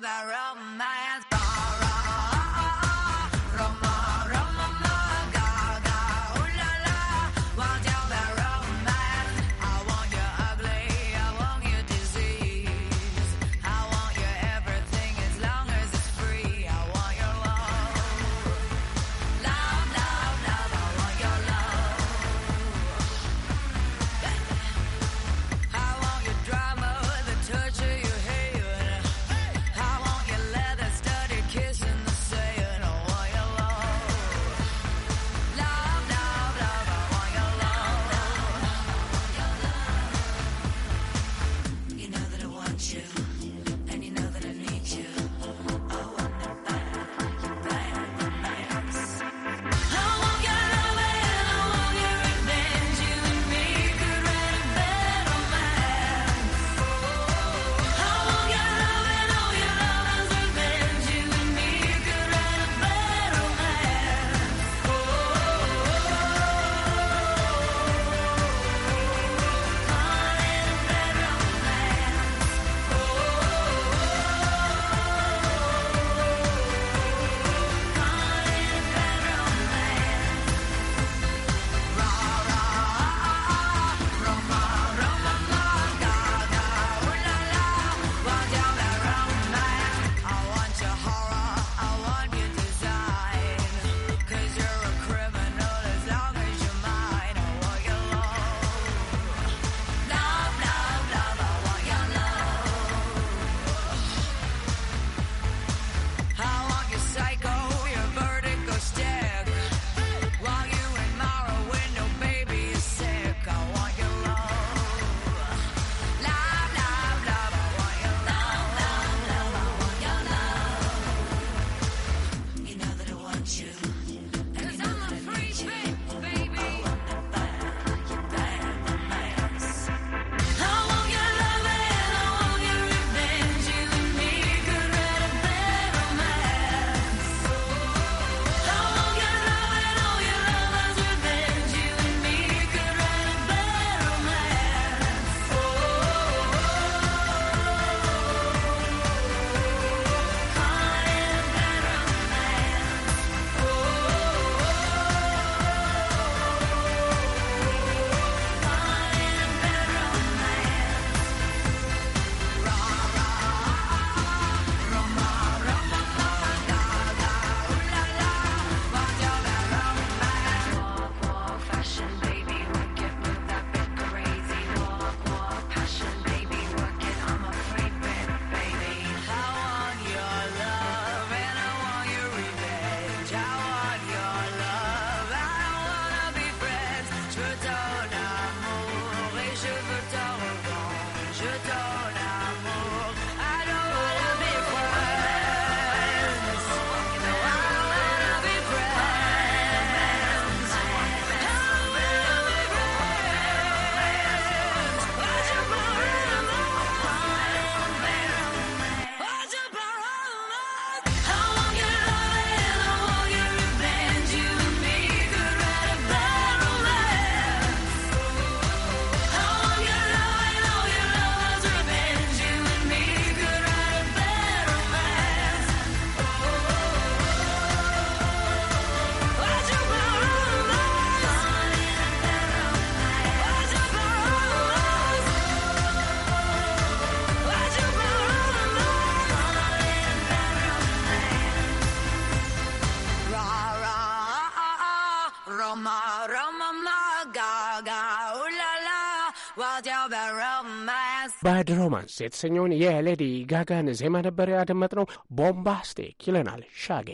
የተሰኘውን የሌዲ ጋጋን ዜማ ነበር ያደመጥነው። ቦምባስቲክ ይለናል ሻጌ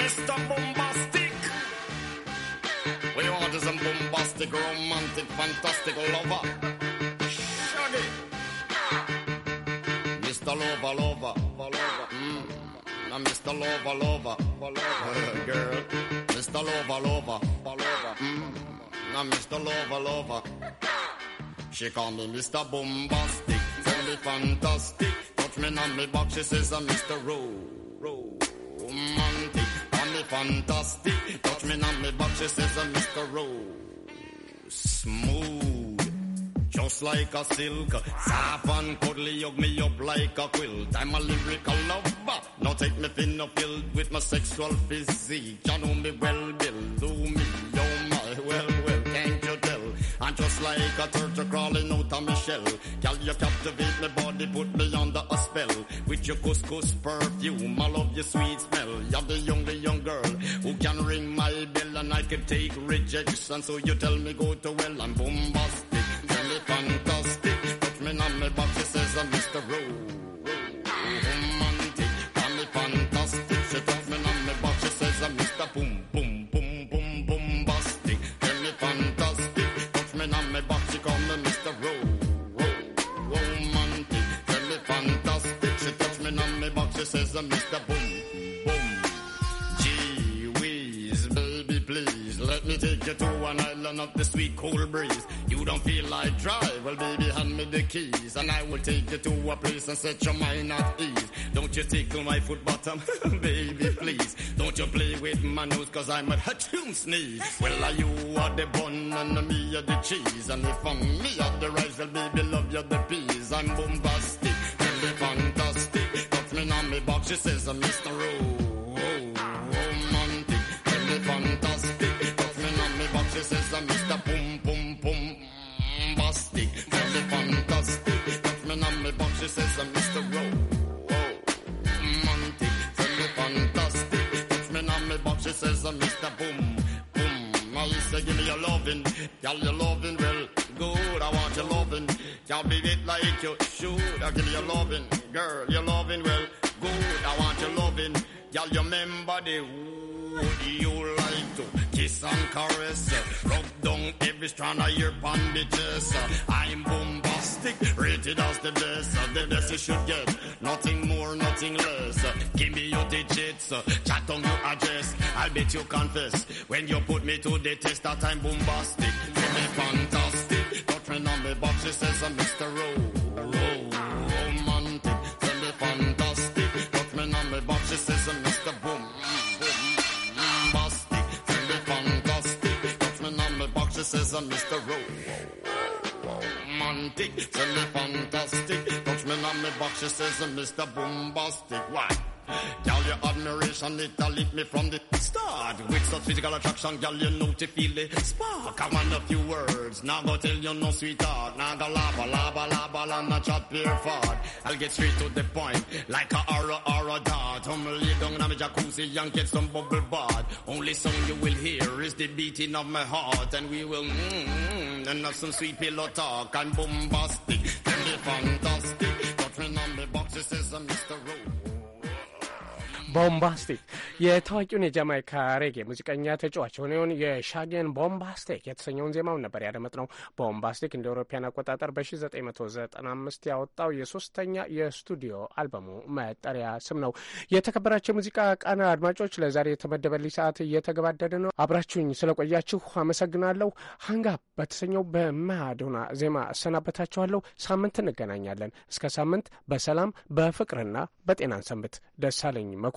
Mr. Bombastic, we order some bombastic, romantic, fantastic lover. Shaggy, Mr. Lover, lover, lover. Mm. Now, Mr. Lover, lover, lover, girl. Mr. Lover, lover, lover. Mm. Now, Mr. Lover, lover. She call me Mr. Bombastic, tell me fantastic. Touch me on me back, she says I'm Mr. Ro, Ro, romantic. Call me fantastic, touch me on me back, she says I'm Mr. Ro, smooth. Just like a silk, soft and cuddly, hug me up like a quilt. I'm a lyrical lover, now take me thin or filled with my sexual physique. You know me well, Bill, do me and just like a turtle crawling out of my shell, girl, you captivate my body, put me under a spell. With your couscous perfume, I love your sweet smell. You're the only young girl who can ring my bell, and I can take rejection. So you tell me go to well, I'm bombastic, telephone a Mr. Boom, Boom. Gee whiz, baby, please. Let me take you to an island of the sweet cool breeze. You don't feel like drive? Well, baby, hand me the keys. And I will take you to a place and set your mind at ease. Don't you tickle my foot bottom, baby, please. Don't you play with my nose, cause I might hurt you sneeze. Well, are you are the bun and me are the cheese. And if I'm me are the rice, well, baby, love you the peas. I'm bombastic, really fantastic. She says, uh, Mr. Ro- romantic, me fantastic. It me on me, but she says, uh, Mr. Boom, boom, boom, bastic, really fantastic. It me on me, but she says, uh, Mr. Romantic, tell me fantastic. It me on me, but she says, uh, Mr. Uh, oh, uh, boom, boom. I say, give me your loving, tell your loving well good. I want your loving. Can't be it like you should. I give you loving, girl. Your loving well good. I want your loving. Y'all, you remember the who you like to kiss and caress. Rub down every strand of your bandages. I'm bombastic, rated as the best. The best you should get, nothing more, nothing less. Give me your digits, chat on your address. I'll bet you confess. When you put me to the test, that I'm bombastic. Give me fantastic. Don't on the box she says I'm Mr. Rowe. Mrs. and Mr. Rowe. Romantic, silly, fantastic. Touch me on my back, she says, uh, Mr. Bombastic. Why? Girl, your admiration, it all lit me from the start. With such physical attraction, girl, you know to feel the spark. I want a few words, now go tell you no sweetheart. Now go lava, lava, lava, lava, chat beer fart. I'll get straight to the point, like a aura, aura dart. i lay down in my jacuzzi and get some bubble bath. Only song you will hear is the beating of my heart. And we will, mm, mm, and have some sweet pillow talk. And bombastic, can me fantastic. Don't on the boxes, says Mr. Rose. ቦምባስቲክ የታዋቂውን የጃማይካ ሬጌ ሙዚቀኛ ተጫዋች የሆነውን የሻጌን ቦምባስቲክ የተሰኘውን ዜማውን ነበር ያደመጥነው። ቦምባስቲክ እንደ አውሮፓውያን አቆጣጠር በ1995 ያወጣው የሶስተኛ የስቱዲዮ አልበሙ መጠሪያ ስም ነው። የተከበራቸው የሙዚቃ ቃና አድማጮች፣ ለዛሬ የተመደበልኝ ሰዓት እየተገባደደ ነው። አብራችሁኝ ስለቆያችሁ አመሰግናለሁ። ሀንጋ በተሰኘው በማዶና ዜማ እሰናበታችኋለሁ። ሳምንት እንገናኛለን። እስከ ሳምንት በሰላም በፍቅርና በጤናን ሰንብት። ደሳለኝ መኮ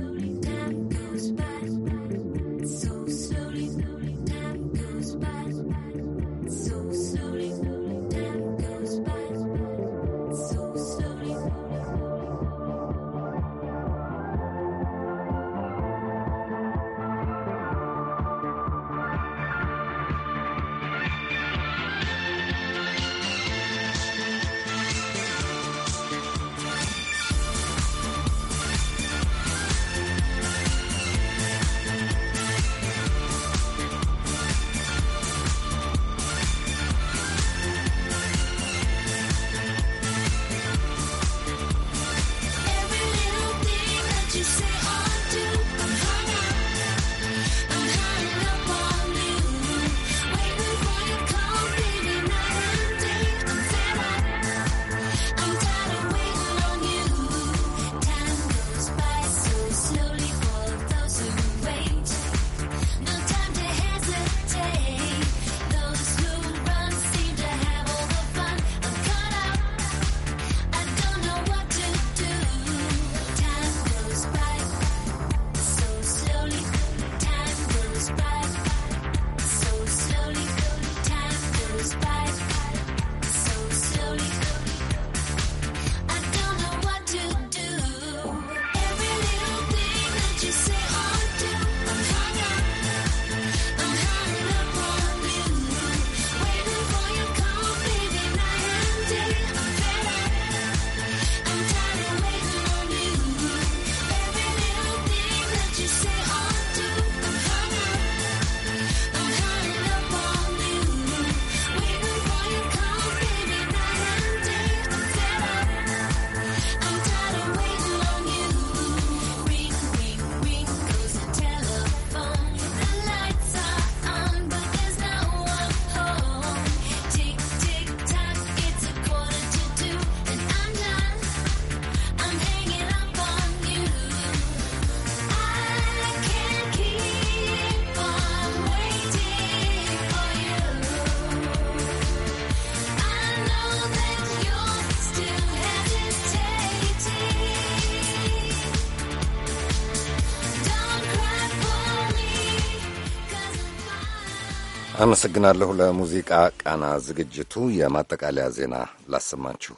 አመሰግናለሁ። ለሙዚቃ ቃና ዝግጅቱ የማጠቃለያ ዜና ላሰማችሁ።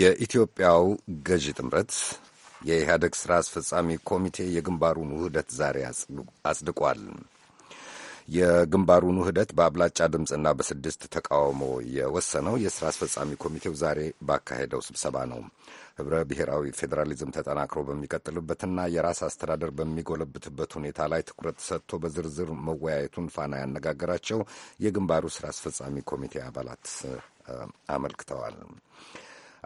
የኢትዮጵያው ገዢ ጥምረት የኢህአደግ ሥራ አስፈጻሚ ኮሚቴ የግንባሩን ውህደት ዛሬ አጽድቋል። የግንባሩን ውህደት በአብላጫ ድምፅና በስድስት ተቃውሞ የወሰነው የሥራ አስፈጻሚ ኮሚቴው ዛሬ ባካሄደው ስብሰባ ነው። ህብረ ብሔራዊ ፌዴራሊዝም ተጠናክሮ በሚቀጥልበትና የራስ አስተዳደር በሚጎለብትበት ሁኔታ ላይ ትኩረት ሰጥቶ በዝርዝር መወያየቱን ፋና ያነጋገራቸው የግንባሩ ስራ አስፈጻሚ ኮሚቴ አባላት አመልክተዋል።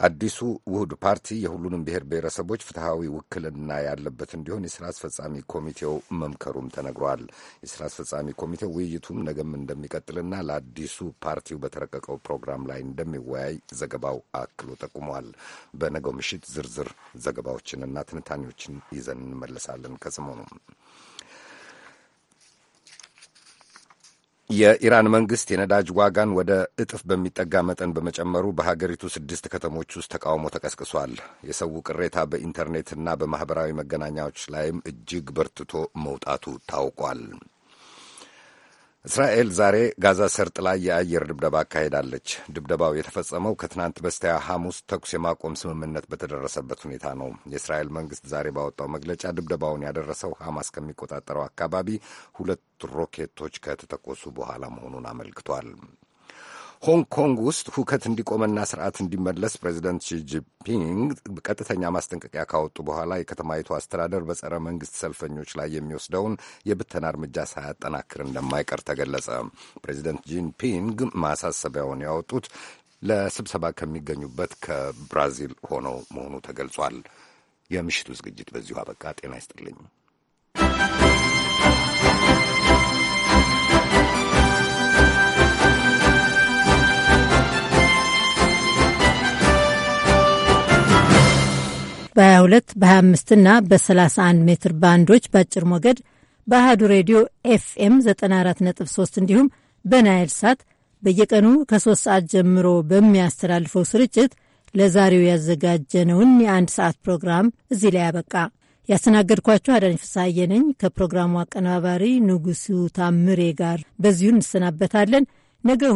አዲሱ ውህድ ፓርቲ የሁሉንም ብሔር ብሔረሰቦች ፍትሐዊ ውክልና ያለበት እንዲሆን የሥራ አስፈጻሚ ኮሚቴው መምከሩም ተነግሯል። የሥራ አስፈጻሚ ኮሚቴው ውይይቱም ነገም እንደሚቀጥልና ለአዲሱ ፓርቲው በተረቀቀው ፕሮግራም ላይ እንደሚወያይ ዘገባው አክሎ ጠቁሟል። በነገው ምሽት ዝርዝር ዘገባዎችንና ትንታኔዎችን ይዘን እንመለሳለን ከሰሞኑም የኢራን መንግስት የነዳጅ ዋጋን ወደ እጥፍ በሚጠጋ መጠን በመጨመሩ በሀገሪቱ ስድስት ከተሞች ውስጥ ተቃውሞ ተቀስቅሷል። የሰው ቅሬታ በኢንተርኔትና በማኅበራዊ መገናኛዎች ላይም እጅግ በርትቶ መውጣቱ ታውቋል። እስራኤል ዛሬ ጋዛ ሰርጥ ላይ የአየር ድብደባ አካሄዳለች። ድብደባው የተፈጸመው ከትናንት በስቲያ ሐሙስ ተኩስ የማቆም ስምምነት በተደረሰበት ሁኔታ ነው። የእስራኤል መንግስት ዛሬ ባወጣው መግለጫ ድብደባውን ያደረሰው ሐማስ ከሚቆጣጠረው አካባቢ ሁለት ሮኬቶች ከተተኮሱ በኋላ መሆኑን አመልክቷል። ሆንግ ኮንግ ውስጥ ሁከት እንዲቆመና ስርዓት እንዲመለስ ፕሬዚደንት ሺጂንፒንግ ቀጥተኛ ማስጠንቀቂያ ካወጡ በኋላ የከተማይቱ አስተዳደር በጸረ መንግስት ሰልፈኞች ላይ የሚወስደውን የብተና እርምጃ ሳያጠናክር እንደማይቀር ተገለጸ። ፕሬዚደንት ጂንፒንግ ማሳሰቢያውን ያወጡት ለስብሰባ ከሚገኙበት ከብራዚል ሆነው መሆኑ ተገልጿል። የምሽቱ ዝግጅት በዚሁ አበቃ። ጤና ይስጥልኝ። በ22 በ25 እና በ31 ሜትር ባንዶች በአጭር ሞገድ በአህዱ ሬዲዮ ኤፍኤም 94.3 እንዲሁም በናይል ሳት በየቀኑ ከሶስት ሰዓት ጀምሮ በሚያስተላልፈው ስርጭት ለዛሬው ያዘጋጀነውን የአንድ ሰዓት ፕሮግራም እዚህ ላይ ያበቃ። ያስተናገድኳችሁ አዳኝ ፍሳዬ ነኝ። ከፕሮግራሙ አቀናባሪ ንጉሱ ታምሬ ጋር በዚሁ እንሰናበታለን ነገ